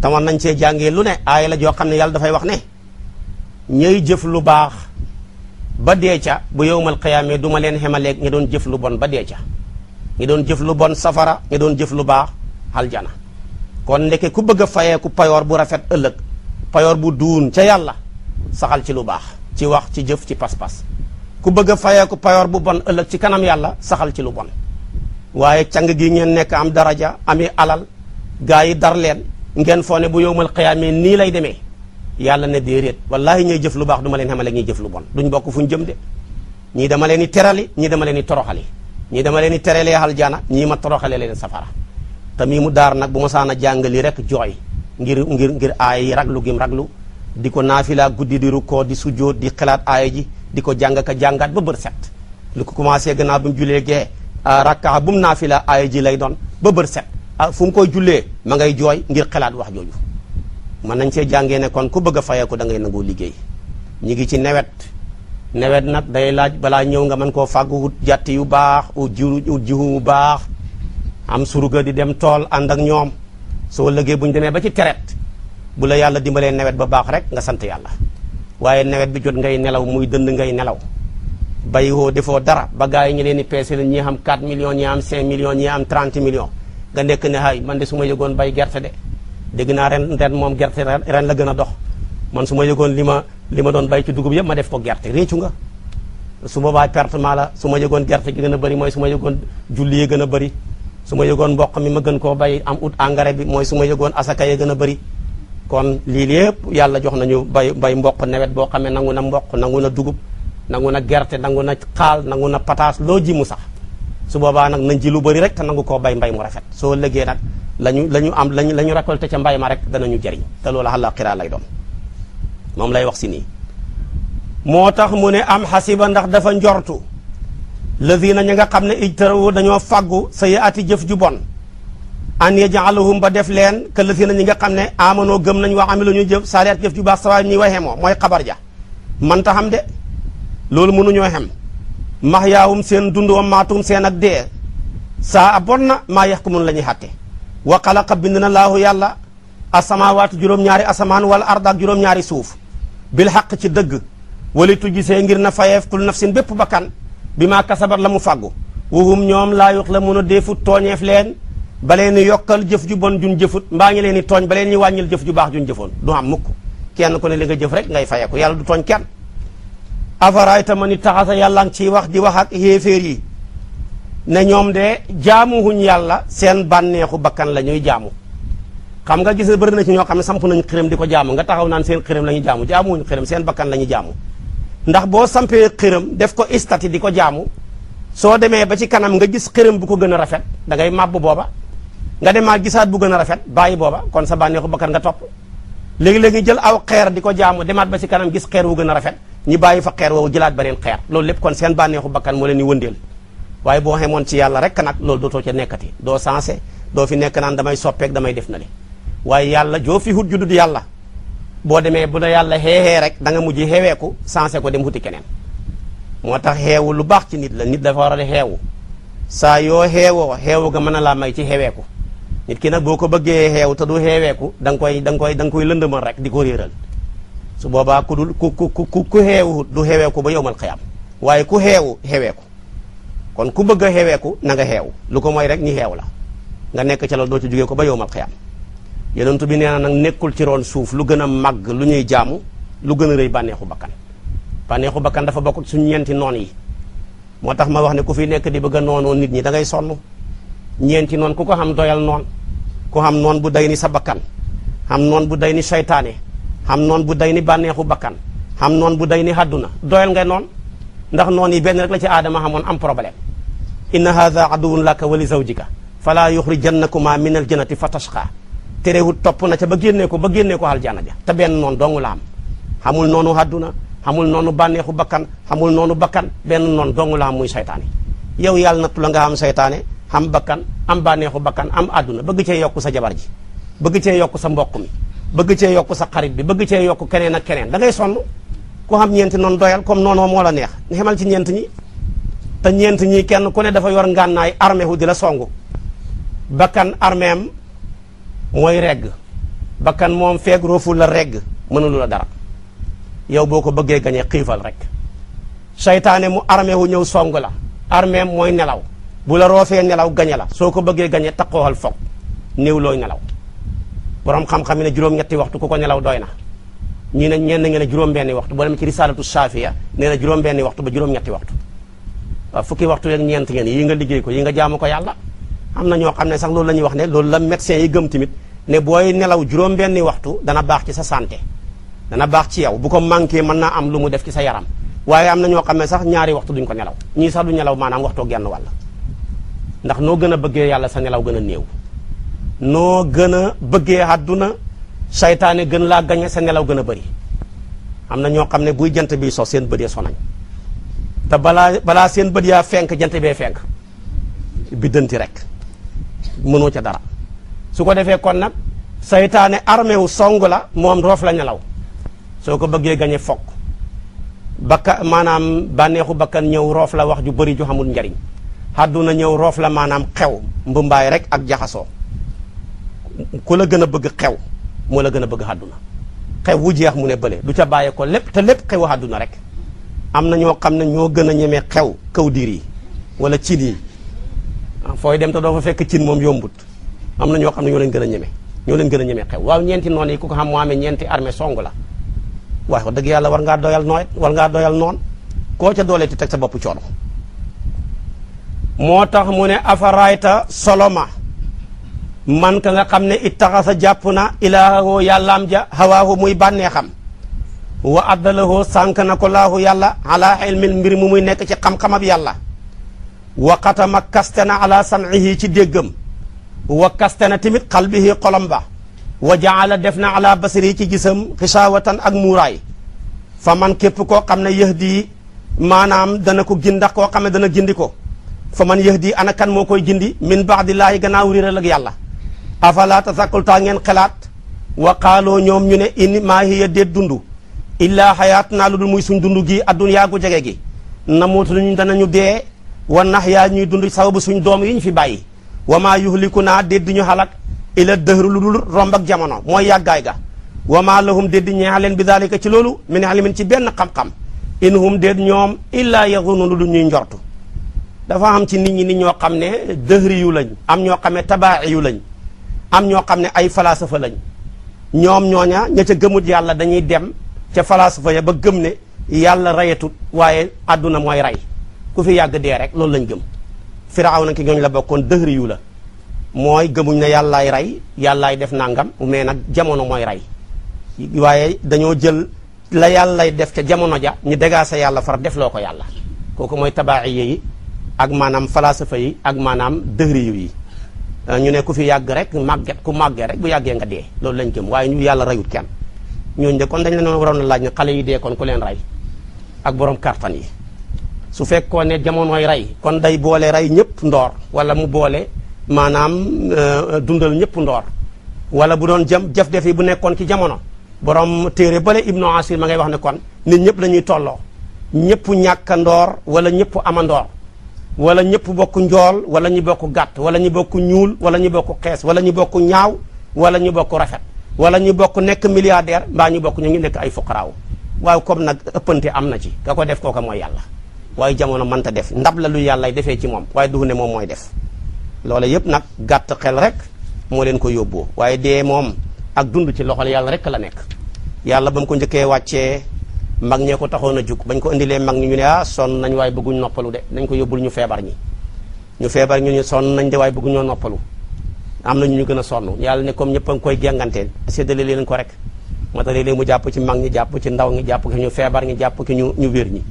te nañ cee jàngee lu ne aaya la joo xam ne yàlla dafay wax ne ñay jëf lu baax ba dee ca bu yowmal xiyaamee du ma leen xemaleeg ñi doon jëf lu bon ba dee ca ñi doon jëf lu bon safara ñi doon jëf lu baax aljana kon ndeke ku bëgg a fayeeku payoor bu rafet ëllëg payoor bu duun ca yàlla saxal ci lu baax ci wax ci jëf ci pas-pas ku bëgg a fayeeku payoor bu bon ëllëg ci kanam yàlla saxal ci lu bon waaye càng gi ngeen nekk am daraja ami alal gaa yi dar leen ngeen foo bu yowmal xiyaamee nii lay demee yàlla ne déedéet wallahi ñooy jëf lu baax du ma leen xamale ñuy jëf lu bon duñ bokk fuñ jëm de ñii dama leen di terali ñii dama leen di toroxali ñii dama leen di terale aljana ñii ma toroxale leen safara te mii mu daar nag bu ma saan a jàngali rek jooy ngir ngir ngir aaya yi raglu gim raglu di ko naafila guddi di rukkoo di sujjóot di xalaat aaya ji di ko jànga ka jàngaat ba bër set lu ko commencé gannaaw bu mu julee gee rakkaa bu mu naafila aaya ji lay doon ba bër set fu mu koy jullee ma ngay jooy ngir xalaat wax jooju mën nañ see jàngee ne kon ku bëgg a fayeeku da ngay nangoo liggéey ñi ngi ci nawet nawet nag day laaj balaa ñëw nga mën koo fàggu wut yu baax u jiwu ut jiwu bu baax am surga di dem tool ànd ak ñoom soo lëggee bu ñu demee ba ci traite bu la yàlla dimbalee nawet ba baax rek nga sant yàlla waaye nawet bi jot ngay nelaw muy dënd ngay nelaw bay woo defoo dara ba gars yi ñu leen di peese la ñi am 4 millions ñi am 5 millions ñi am 30 millions nga nekk ne ay man de su ma yëgoon bay gerte de dégg naa ren ren moom gerte ren la gën a dox man su ma yëgoon li ma li ma doon bay ci dugub yëpp ma def ko gerte réccu nga su boobaa pertement la su ma yëgoon gerte gi gën a bëri mooy su ma yëgoon julli gën a bëri su ma yëgoon mboq mi ma gën koo bay am ut engrais bi mooy su ma yëgoon asaka ye gën a bëri kon lii lépp yàlla jox nañu bay bay mboq nawet boo xamee nangu na mboq nangu na dugub nangu na gerte nangu na xaal nangu na pataas loo ji mu sax su boobaa nag nañ ji lu bëri rek te nangu koo bay mbay mu rafet soo lëggee nag lañu la ñu am lañ la ñu récolté ca mbay ma rek danañu jëriñ te loolu àllaaxira lay doon moom lay wax si nii moo tax mu ne am xasiba ndax dafa njortu na ñi nga xam ne ijtarawu dañoo fàggu sa yaati jëf ju bon an yaj'alahum ba def leen que lazina ñi nga xam ne amanoo gëm nañ wax amilu ñu jëf saalihaat jëf ju baax sawa ñuy waxee moo mooy xabar ja man ta xam de loolu mënuñoo xem maxyaahum seen dund wa maatuhum seen ak dee saa a bon na maa yaxkumun la ñuy xàtte wa xalaqa bind na laahu yàlla waatu juróom-ñaari asamaan wala arda ak juróom-ñaari suuf bil xaq ci dëgg wali tujjisee ngir na fayeef kul seen bépp bakkan bi maa kasabat la mu fàggu wuhum ñoom laa yox la mun a deefut tooñeef leen ba leen ni yokkal jëf ju bon jun jëfut mbaa ñi leen ni tooñ ba leen ñu wàññil jëf ju baax jun jëfoon du am mukk kenn ku ne li nga jëf rek ngay fayeeku yàlla du tooñ kenn afarayta ma ni taxasa yàlla ngi ciy wax di wax ak xéeféer yi ne ñoom de jaamuwuñ yàlla seen bànneexu bakkan la ñuy jaamu xam nga gis bëri na ci ñoo xam ne samp nañ xërëm di ko jaamu nga taxaw naan seen xërëm la ñuy jaamu jaamuwuñ xërëm seen bakkan la ñuy jaamu ndax boo sampee xërëm def ko istati di ko jaamu soo demee ba ci kanam nga gis xërëm bu ko gën a rafet da ngay màbb booba nga demaat gisaat bu gën a rafet bàyyi booba kon sa bànneexu bakkan nga topp léegi-léegi jël aw xeer di ko jaamu demaat ba ci kanam gis xeer wu gën a rafet ñi bàyyi fa xeer woowu jëlaat beneen xeer loolu lépp kon seen bànneexu bakkan moo leen di wëndeel waaye boo xamoon ci yàlla rek nag loolu dootoo ca nekkati doo sensé doo fi nekk naan damay soppeek damay def na le waaye yàlla joo fi hut juddud yàlla boo demee bu la yàlla xeexee rek danga mujj xeweeku sensé ko dem huti keneen moo tax xeewu lu baax ci nit la nit dafa war a xeewu saa yoo xeewoo xeewu nga mën a laa may ci xeweeku nit ki nag boo ko bëggee xeew te du xeweeku da koy da koy da nga koy rek di ko réeral su boobaa ku dul ku ku ku ku xeewu du xewee ko ba yowmal xiyaam waaye ku xeewu xewee ko kon ku bëgg a xewee ko na nga lu ko moy rek ñi xeew la nga nekk ca loolu doo ci jógee ko ba yowmal xiyaam yonent bi nee na nag nekkul ci roon suuf lu gën a màgg lu ñuy jaamu lu gën a rëy bànneexu bakkan bànneexu bakkan dafa bokk su ñeenti noon yi moo tax ma wax ne ku fi nekk di bëgg a noonoo nit ñi da ngay ñeenti noon ku ko xam doyal noon ku xam noon bu day sa bakkan xam noon bu day saytaane xam noon bu day ni bànneexu bakkan xam noon bu day ni àdduna doyal nga noon ndax noon yi benn rek la ci aadama xamoon am problème inna haada aduwun laka wa li zawjika fala yuxrijannakuma min aljannati fa tashqa terewul topp na ca ba génnee ko ba génnee ko aljana ja te benn noon dongu la am xamul noonu àdduna xamul noonu bànneexu bakkan xamul noonu bakkan benn noon dongu la am muy saytaane yow yàlla nattu la nga am saytaane am bakkan am bànneexu bakkan am àdduna bëgg cee yokk sa jabar ji bëgg cee yokk sa mbokk mi bëgg cee yokk sa xarit bi bëgg cee yokk keneen ak keneen da ngay sonn ku xam ñeenti noonu doyal comme noonu moo la neex nga xamal ci ñeent ñi te ñeent ñi kenn ku ne dafa yor ngànnaay armé wu di la songu bakkan armeem mooy regg bakkan moom feeg rooful la regg mënulu la dara yow boo ko bëggee gañe xiifal rek seytaane mu armé wu ñëw song la armeem mooy nelaw bu la roofee nelaw gañe la soo ko bëggee gañee taqoxal foog néew looy nelaw borom xam-xam ne juróom-ñetti waxtu ku ko nelaw doy na ñii ne ñenn ngeen ne juróom-benni waxtu boo demee ci risalatu saafiya nee na juróom-benni waxtu ba juróom-ñetti waxtu waaw fukki waxtu yeeg ñeent ngeen yi nga liggéey ko yi nga jaamu ko yàlla am na ñoo xam ne sax loolu la ñuy wax ne loolu la médecin yi gëm tamit ne booy nelaw juróom waxtu dana baax ci sa santé dana baax ci yow bu ko manqué mën naa am lu mu def ci sa yaram waaye am na ñoo xam ne sax ñaari waxtu duñ ko nelaw ñii sax du nelaw maanaam waxtoo genn walla ndax noo gën a bëggee yàlla sa nelaw gën a néew noo gën a bëggee àdduna seytaane gën laa gañe sa nelaw gën a bari am na ñoo xam ne buy jant bi so seen bët ya sonañ te balaa balaa seen bët yaa fenk jant bee fenk biddanti rek mënoo ca dara su ko defee kon nag seytaane armé wu song la moom roof la nelaw soo ko bëggee gañe fokk bakka maanaam bànneexu bakkan ñëw roof la wax ju bari ju xamul njariñ àdduna ñëw roof la maanaam xew mbumbaay rek ak jaxasoo ku la gën a bëgg xew moo la gën a bëgg àdduna xew wu jeex mu ne bële du ca bàyyee ko lépp te lépp xew àdduna rek am na ñoo xam ne ñoo gën a ñemee xew kaw diir yi wala cin yi ah, fooy dem te doo fa fekk cin moom yombut am na ñoo xam ne ñoo leen gën a ñeme ñoo leen gën a ñemee xew waaw ñeenti noon yi ku ko xam moo amee ñeenti armée song la waaye wax dëgg yàlla war ngaa doyal nooy war ngaa doyal noon koo ca doolee ti teg sa boppu coono moo tax mu ne afarayta soloma man ka nga xam ne ittaxasa jàpp na ilaahoo yàllaam ja hawaahu muy bànneexam wa addalahoo sànk na ko laahu yàlla ala ilmin mbir mu muy nekk ci xam-xamab yàlla wa xatama kaste na ala sam'ihi ci déggam wa kaste na tamit xalbihi xolam ba wa jaala def na ala basiri ci gisam xisaawatan ak muuraay fa man képp koo xam ne yahdi maanaam dana ko gindi ndax koo xam ne dana gindi ko fa man yahdi ana kan moo koy gindi min ba'dillaahi gannaaw réeral ak yàlla afala tasakkultaa ngeen xalaat wa kaaloo ñoom ñu ne in maa hiya déet dund illaa xayaat naa lu dul muy suñ dundu gi addunyaa gu jege gi na namuutu ñu danañu dee wa nax yaa ñuy dund sababu suñ doom yi ñu fi bàyyi wa maa yuhliku naa déet di ñu xalak ila dëhru lu dul romb ak jamono mooy yàggaay ga wa maa lahum déet di ñeexa leen bi daalika ci loolu min ilmin ci benn xam-xam in hum déet ñoom illaa yaxunu lu dul ñuy njortu dafa am ci nit ñi nit ñoo xam ne dëhri yu lañ am ñoo xamee tabaaci yu lañ am ñoo xam ne ay falasafa lañ ñoom ñooña ña ca gëmut yàlla dañuy dem ca falasafa ya ba gëm ne yàlla rayatut waaye àdduna mooy rey ku fi yàgg dee rek loolu lañ gëm Firawna ki ñooñu la bokkoon dëhri yu la mooy gëmuñ na yàllaay rey yàllaay def nangam mais nag jamono mooy rey waaye dañoo jël la yàllay def ca jamono ja ñu dégaase yàlla far def loo ko yàlla kooku mooy tabaaxiye yi ak maanaam falasafa yi ak maanaam dëhri yu yi ñu ne ku fi yàgg rek màgget ku màggee rek bu yàggee nga dee loolu lañ gëm waaye ñu yàlla rayut kenn ñooñu de kon dañ leen waroon a laaj ne xale yi dee kon ku leen rey ak borom kartan yi su fekkoon ne jamonooy rey kon day boole rey ñëpp ndoor wala mu boole maanaam euh, dundal ñëpp ndoor wala bu doon jam jaf def yi bu nekkoon ci jamono borom téere bale ibnu asir ma ngay wax ne kon nit ñëpp la tolloo ñëpp ñàkk a ndoor wala ñëpp ama ndoor wala ñëpp bokk njool wala ñu bokk gàtt wala ñu bokk ñuul wala ñu bokk xees wala ñu bokk ñaaw wala ñu bokk rafet wala ñu bokk nekk milliardaire mbaa ñu bokk ñu ngi nekk ay fuqaraaw waaye koom nag ëppante am na ci ka ko def kooka mooy yàlla waaye jamono mënta def ndab la lu yàllay defee ci moom waaye du ne moom mooy def loola yëpp nag gàtt xel rek moo leen ko yóbboo waaye dee moom ak dund ci loxol yàlla rek la nekk yàlla ba mu ko njëkkee wàccee mag ñee ko taxoon a jug bañ ko indilee mag ñi ñu ne ah sonn nañ waaye bëgguñ noppalu de nañ ko yóbbul ñu feebar ñi ñu feebar ñu ne sonn nañ de waaye bëgguñoo noppalu am na ñu ñu gën a sonn yàlla ne comme ñëpp a ngi koy genganteen séddale leen ko rek moo tax léeg mu jàpp ci mag ñi jàpp ci ndaw ñi jàpp ki ñu feebar ñi jàpp ki ñu ñu wér ñi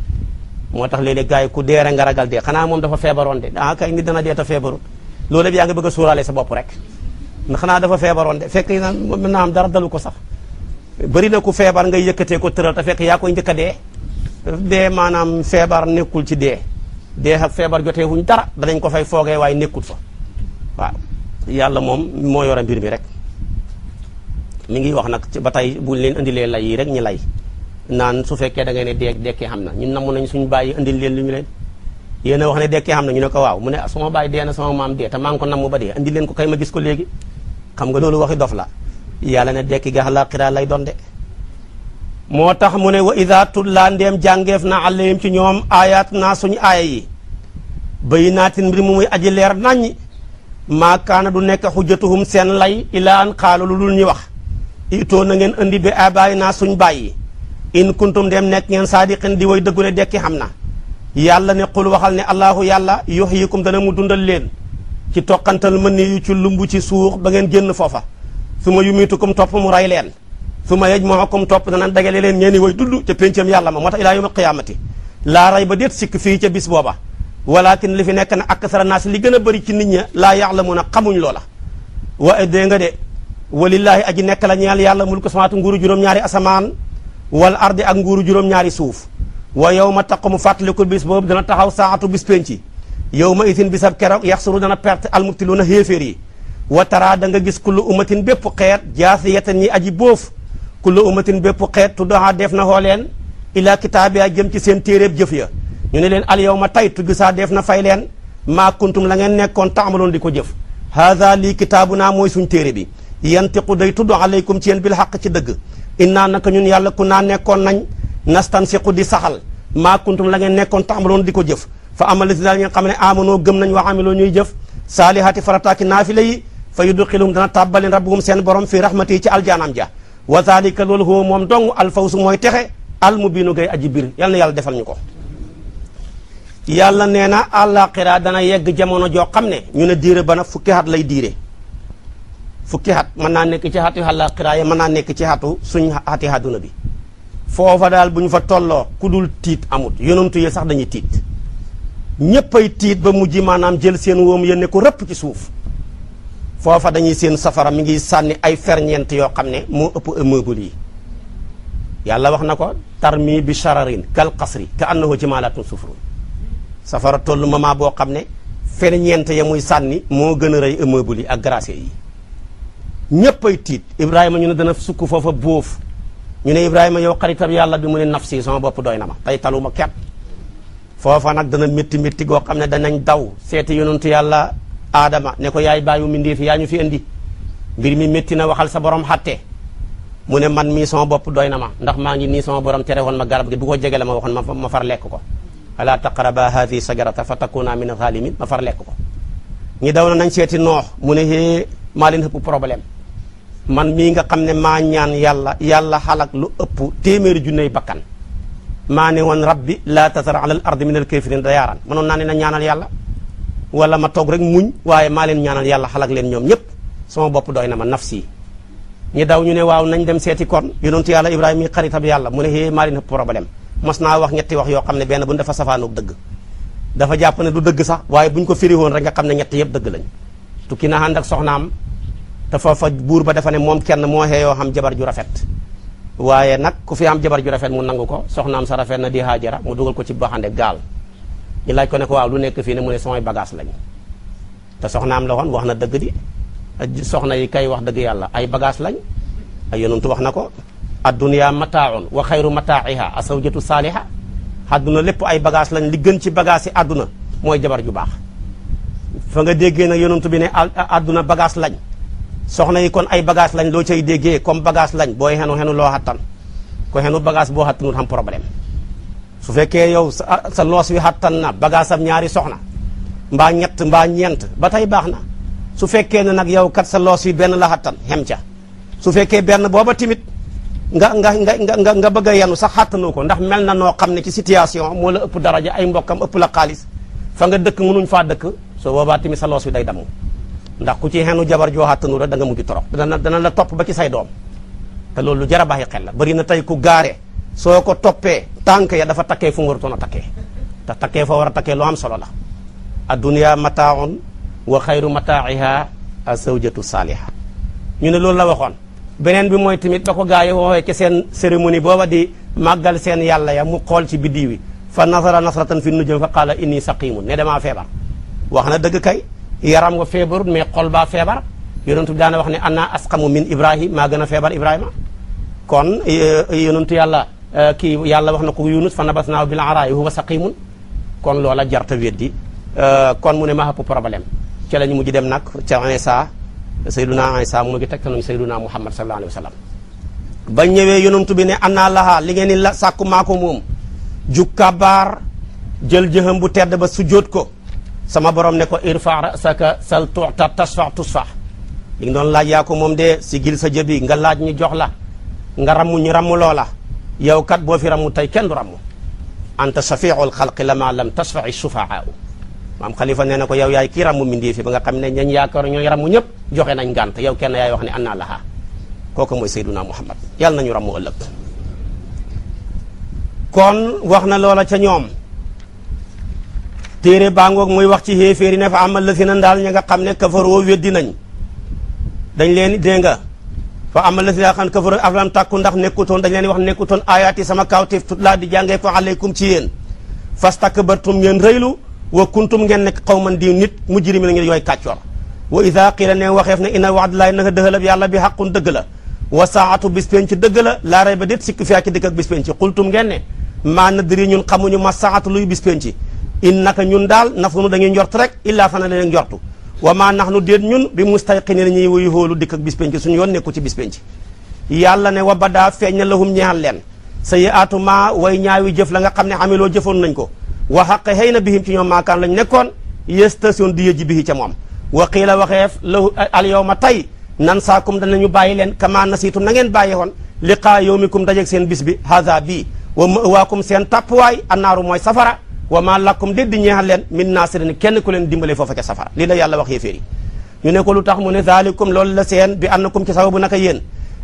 moo tax léeg-léeg gars ku deere nga ragal dee xanaa moom dafa feebaroon de ah kay dana dee ta feebarut loolu yaa nga bëgg a suuraale sa bopp rek xanaa dafa feebaroon de fekk na am dara dalu ko sax bëri na ku feebar nga yëkkatee ko tëral te fekk yaa koy njëkk dee dee maanaam feebar nekkul ci dee dee ak feebar jotee wuñ dara danañ ko fay foogee waaye nekkul fa waaw yàlla moom moo yore mbir mi rek mi ngi wax nag ci ba tey bu leen indilee lay yi rek ñi lay naan su fekkee da ngay ne dee dekkee xam na ñun namm nañ suñu bàyyi indil leen lu ñu leen yéen a wax ne dekkee xam na ñu ne ko waaw mu ne ah, sama bàyyi dee na sama maam dee te maa ngi ko namm ba dee indi leen ko kay ma gis ko léegi xam nga loolu dof la yàlla ne dekki ga àllaaxira lay doon de moo tax mu ne wa ida tullaa ndeem jàngeef na alayhim ci ñoom aayaat naa suñu aaya yi bayyinaatin mbir mu muy aji leer naññi maa kaana du nekk xujjatuhum seen lay ilaa an xaalu lu dul ñuy wax itoo na ngeen indi bi abaay naa suñ bàyyi in kuntum dem nekk ngeen saadiqin di way dëggule dekki xam na yàlla ne qul waxal ne allaahu yàlla yuhyikum dana mu dundal leen ci toqantal mën ni yu ci lumb ci suux ba ngeen génn foofa su ma yumiitukum topp mu ray leen su ma yajma'ukum topp dana dagale leen ñeeni way dudd ca péncam yàlla ma moo tax ilaa yawmil qiyaamati laa ray ba déet sikk fii ca bis booba walakin li fi nekk na aksara naas li gën a bëri ci nit ña laa ya'lamuuna xamuñ loola wa dee nga de wa walillaahi aji nekk la ñeel yàlla mulku samaatu nguuru juróom-ñaari asamaan wal ardi ak nguuru juróom-ñaari suuf wa yawma taqumu fàttalikul bis boobu dana taxaw saatu bis penci yawma idin bisab keroog yaxsuru dana perte almubtiluuna xéeféer yi wataraa da nga gis kullu umatin bépp xeet jaasiyatan yi aji boof kullu umatin bépp xeet tuddaha def na xoo leen ilaa kitaabiya jëm ci seen téeréeb jëf ya ñu ne leen al yawma tay tuggisaa def na fay leen maa kuntum la ngeen nekkoon taamaloon di ko jëf haada lii kitaabu naa mooy suñ téere bi yantiqu day tudd aleykum ci yéen bil xaq ci dëgg innaa naka ñun yàlla ku naa nekkoon nañ nastansiqu di saxal maa kuntum la ngeen nekkoon taamaloon di ko jëf fa amalatina daal xam ne amanoo gëm nañ wax ameloo ñuy jëf saalihaati farataaki naafila yi fa yudxilum dana tàbbalin rabbuhum seen borom fii rahmati ci aljaanam ja wa zalika loolu huwa moom dong alfawsu mooy texe almubiinu gay aji biir yal na yàlla defal ñu ko yàlla nee na àllaaxira dana yegg jamono joo xam ne ñu ne diire ba na fukki at lay diire fukki at mën naa nekk ci xatu àllaaxira yi mën naa nekk ci xatu suñ xati àdduna bi foofa daal bu ñu fa tolloo ku dul tiit amut yonantu yi sax dañuy tiit ñépp ay tiit ba mujj maanaam jël seen wóom yéen ko rëpp ci suuf foofa dañuy seen safara mi ngi sànni ay ferñeent yoo xam ne moo ëpp immeuble yi yàlla wax na ko tarmi bi shararin kal qasri ka annahu jimalatun sufrun safara toll moment boo xam ne ferñeent ya muy sànni moo gën a rëy immeuble yi ak gracier yi ñépp tiit ibrahima ñu ne dana sukk foofa bóof ñu ne ibrahima yow xaritab yàlla bi mu ne nafsi sama bopp doy na ma tey taluma ket foofa nag dana métti métti goo xam ne danañ daw seeti yonentu yàlla aadama ne ko yaay bàyyu mi ndéefi yaa ñu fi indi mbir mi métti na waxal sa borom xatte mu ne man mii bopp doy na ma ndax maa ngi nii borom tere woon ma garab gi bu ko jegele ma waxoon ma ma far lekk ko alaa taqraba haadihi sajarata fa takuna min alxaalimin ma far lekk ko ñi daw na nañ seeti noox mu ne hee maa leen ëpp problème man mii nga xam ne maa ñaan yàlla yàlla xalak lu ëpp téeméeri junney bakkan maa ne woon rabbi laa tasar ala al ardi min al kafirin dayaaran mënoon naa ne na ñaanal yàlla wala ma toog rek muñ waaye maa leen ñaanal yàlla xalak leen ñoom ñëpp sama bopp doy na ma nafsi ñi daw ñu ne waaw nañ dem seeti kon yonentu yàlla ibrahima yi xaritab yàlla mu ne hee maa leen problème mos naa wax ñetti wax yoo xam ne benn bu dafa safaanoog dëgg dafa jàpp ne du dëgg sax waaye buñ ko firi woon rek nga xam ne ñetti yëpp dëgg lañ tukki na ànd ak soxnaam te foofa buur ba dafa ne moom kenn moo xeeyoo xam jabar ju rafet waaye nag ku fi am jabar ju rafet mu nangu ko soxnaam sa rafet na di haajara mu dugal ko ci baxande gaal ñu laaj ko ne ko waaw lu nekk fii ne mu ne samay bagage lañ te soxnaam la wax na dëgg di soxna yi kay wax dëgg yàlla ay bagage lañ ay yonentu wax na ko addunya mataaun wa xayru mataa'iha asawjatu saaliha àdduna lépp ay bagage lañ li gën ci bagage yi àdduna mooy jabar ju baax fa nga déggee nag yonentu bi ne adduna bagage lañ soxna yi kon ay bagage lañ loo cay déggee comme bagage lañ boo xenu xenu loo xattan ko xenu bagage boo xattanul su fekkee yow ah, sa loos wi xattan na bagaasam ñaari soxna mbaa ñett mbaa ñeent ba tey baax na su fekkee ne nag yow kat sa loos wi benn la xattan xem su fekkee benn booba timit nga nga nga nga nga bëgg a yenu sax xàttanoo ko ndax mel na noo xam ne ci situation moola la ëpp daraja ay mbokkam ëpp la xaalis fa nga dëkk mënuñ faa dëkk soo boobaa timit sa loos wi day damm ndax ku ci xenu jabar joo xàttanu rek da nga mujj torop dana dana la topp ba ci say doom te loolu lu jar a la bëri na tey ku gaare soo ko toppee tànk ya dafa takkee fu mu warutoon takkee te takkee fa war a takkee lu am solo la addunya mataaun wa xayru mataa'iha azawjatu saaliha ñu ne loolu la waxoon beneen bi mooy tamit ba ko gaa yi woowee ci seen cérémonie booba di màggal seen yàlla ya mu xool ci biddiw wi fa nasara nasratan fi nujum fa qaala inni saqimun ne damaa feebar wax na dëgg kay yaram nga feebar mais xol baa feebar yonentu bi daana wax ne ana asqamu min ibrahim maa gën a feebar eh, eh, yàlla Euh, kii yàlla wax na ko yunus fa nabas naaw bil araa'i sa saqimun kon loola jarta weddi euh, kon mu ne ma xëpp problème ci la mujj dem nag ca Isa sayyiduna Isa mu ngi tegtal nañu sayyiduna Muhammad sallallahu alayhi wa sallam ba ñëwee yonantu bi ne anna laha li ngeen ni la sàkku maa ko moom jël jëxam bu tedd ba sujjóot ko sama borom ne ko irfa rasaka sal tuta tasfa tusfa li nga doon laaj yaako ko moom de si gil sa jëbi nga laaj ñu jox la nga ramm ñu ramm loola yow kat boo fi ramu tey kenn du ramu anta safiul xalqi lama lam tasfai sufaau maam xalifa nee na ko yow yaay kii ramu mindii fi ba nga xam ne ñañ yaakaar ñooy ramu ñëpp joxe nañ gànt yow kenn yaay wax ne anna laha kooku mooy sayduna muhammad yàlla nañu ramu ëllëg na loola ca ñoom téere baangoog muy wax ci xéeféeri ne fa la fi na ndaal ña nga xam ne kafaroo weddi nañ dañ leen dégg nga fa amal la si yaa xam kafaru aflam tàkku ndax nekkutoon dañ leen wax nekkutoon ayaati sama kaawteef tut laa di jàngee fa aleykum ci yéen fastakbartum ngeen rëylu wa kuntum ngeen nekk qawman di nit mujrimiin ngeen yooy kàccoor wa ida qiila ne waxeef ne inna wa'dallaahi naka dëxalab yàlla bi xaqun dëgg la wa saatu bispenci dëgg la laa rayba déet sikk fiyaa ci dëkk ak bispenci qultum ngeen ne maa nadri ñun xamuñu ma saatu luy bispenci in naka ñun daal nafunu dañuy njort rek illaa xana leen njortu wa maa nax nu ñun bi mustayqini na ñuy wuyu hóolu dikk ak bis penc yoon nekku ci bis penc yàlla ne wa badaa feeñ na lahum ñaal leen sa yi atuma way ñaawi jëf la nga xam ne amiloo jëfoon nañ ko wa xaqe xëy na bihim ci ñoom maakaan lañ nekkoon yestation di yëji bihi ca moom wa qiila waxeef lahu al yawma tey nan saa saakum danañu bàyyi leen kama nasiitum na ngeen bàyyi woon liqaa yawmikum dajeeg seen bis bi haza bii wa mawaakum seen tàppuwaay annaaru mooy safara wa maa lakum déet di ñeexal leen min naasirin kenn ku leen dimbale foofa ca safara lii la yàlla wax yéeféer ñu ne ko lu tax mu ne zaalikum loolu la seen bi annakum ci sababu naka yéen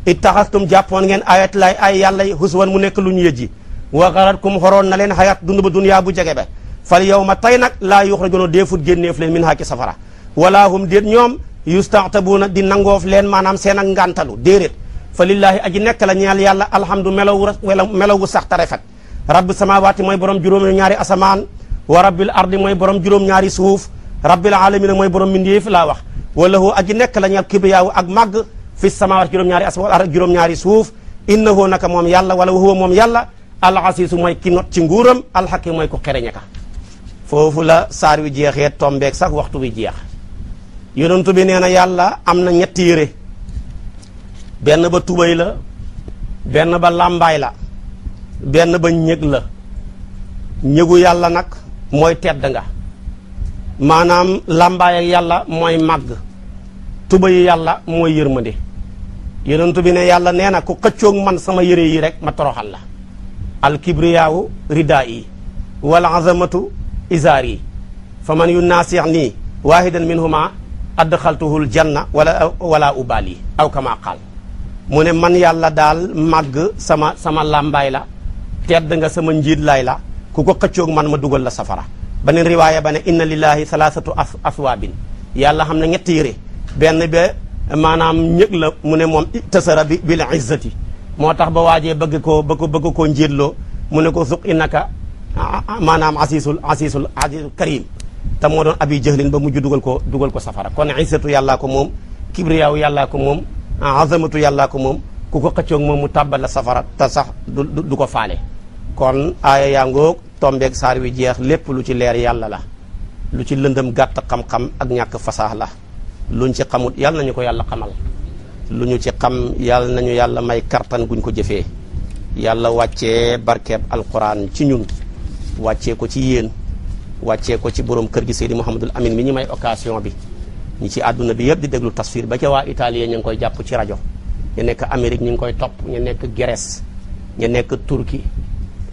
ittaxastum jàppoon ngeen ayat laay ay yàlla yi huswan mu nekk lu ñu yëjji wa garatkum xoroon na leen xayat dund ba dunyaa bu jege ba fal yow ma tey nag laa yuxrajuuna deefut génneef leen min haa ci safara wala hum déet ñoom yustaxtabuuna di nangoof leen maanaam seen ak ngàntalu déedéet fa lillaahi aji nekk la ñeel yàlla alhamdu melawu melawu sax te rafet rabbu samawaati mooy borom juróom-ñaari asamaan wa rabbil ardi mooy borom juróom-ñaari suuf rabbil alamina mooy borom mbindeef laa wax walahu aji nekk la ñeel kibriyaawu ak màgg fi samawaat juróom-ñaari asamaan ak juróom-ñaari suuf innahu naka moom yàlla wala huwa moom yàlla al asiisu ki not ci nguuram al hakiim mooy ku xereñe ka foofu la saar wi jeexee tombeeg sax waxtu wi jeex yonentu bi nee na yàlla am na ñetti yére benn ba tubay la benn ba làmbaay la benn ba ñëg la ñëgu yàlla nag mooy tedd nga maanaam làmbaay yàlla mooy màgg tuba yàlla mooy yërmande yonentu bi ne yàlla nee na ku xëccoog man sama yëre yi rek ma toroxal la alkibriyaawu ridaa yi wal azamatu izaar yi fa man yu naasix nii waahidan minhuma adxaltuhul janna wala wala ubaali aw kama qaal mu ne man yàlla daal màgg sama sama làmbaay la tedd nga sama njiit lay la ku ko xëccoog man ma dugal la safara beneen riwaaya ba ne inna lillahi salaasatu as aswaabin yàlla xam ne ñetti yére benn ba maanaam ñëg la mu ne moom tasara bi bil izzati moo tax ba waajee bëgg koo bëgg bëgg koo njiitloo mu ne ko suq innaka maanaam asiisul asiisul asiisul karim te moo doon abi jahlin ba mujj dugal ko dugal ko safara kon izzatu yàllaa ko moom kibriyaaw yàllaa ko moom azamatu yàllaa ko moom ku ko xëccoog moom mu tàbbal la safara te sax du ko faale kon aaya yaa ngoog tombeeg saar wi jeex lépp lu ci leer yàlla la lu ci lëndëm gàtt xam-xam ak ñàkk fasaax la luñ ci xamut yàlla ñu ko yàlla xamal lu ñu ci xam yàlla nañu yàlla may kartan guñ ko jëfee yàlla wàccee barkeeb alquran ci ñun wàccee ko ci yéen wàccee ko ci borom kër gi Seydi Mouhamadul Amin mi ñu may occasion bi ñi ci àdduna bi yëpp di déglu tafsir ba ca waa Italie ñu ngi koy jàpp ci rajo ñu nekk Amérique ñu ngi koy topp ñu nekk Grèce ñu nekk Turquie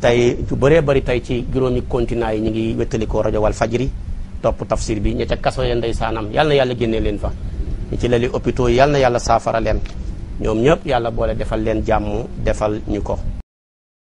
tey ju baree bari tey ci juróomi continent yi ñu ngi wettalikoo rajo wal fajri topp tafsir bi ña ca kaso ya ndeysaanam yal na yàlla génnee leen fa ñi ci lali hôpitaux yi yal na yàlla saafara leen ñoom ñëpp yàlla boole defal leen jàmm defal ñu ko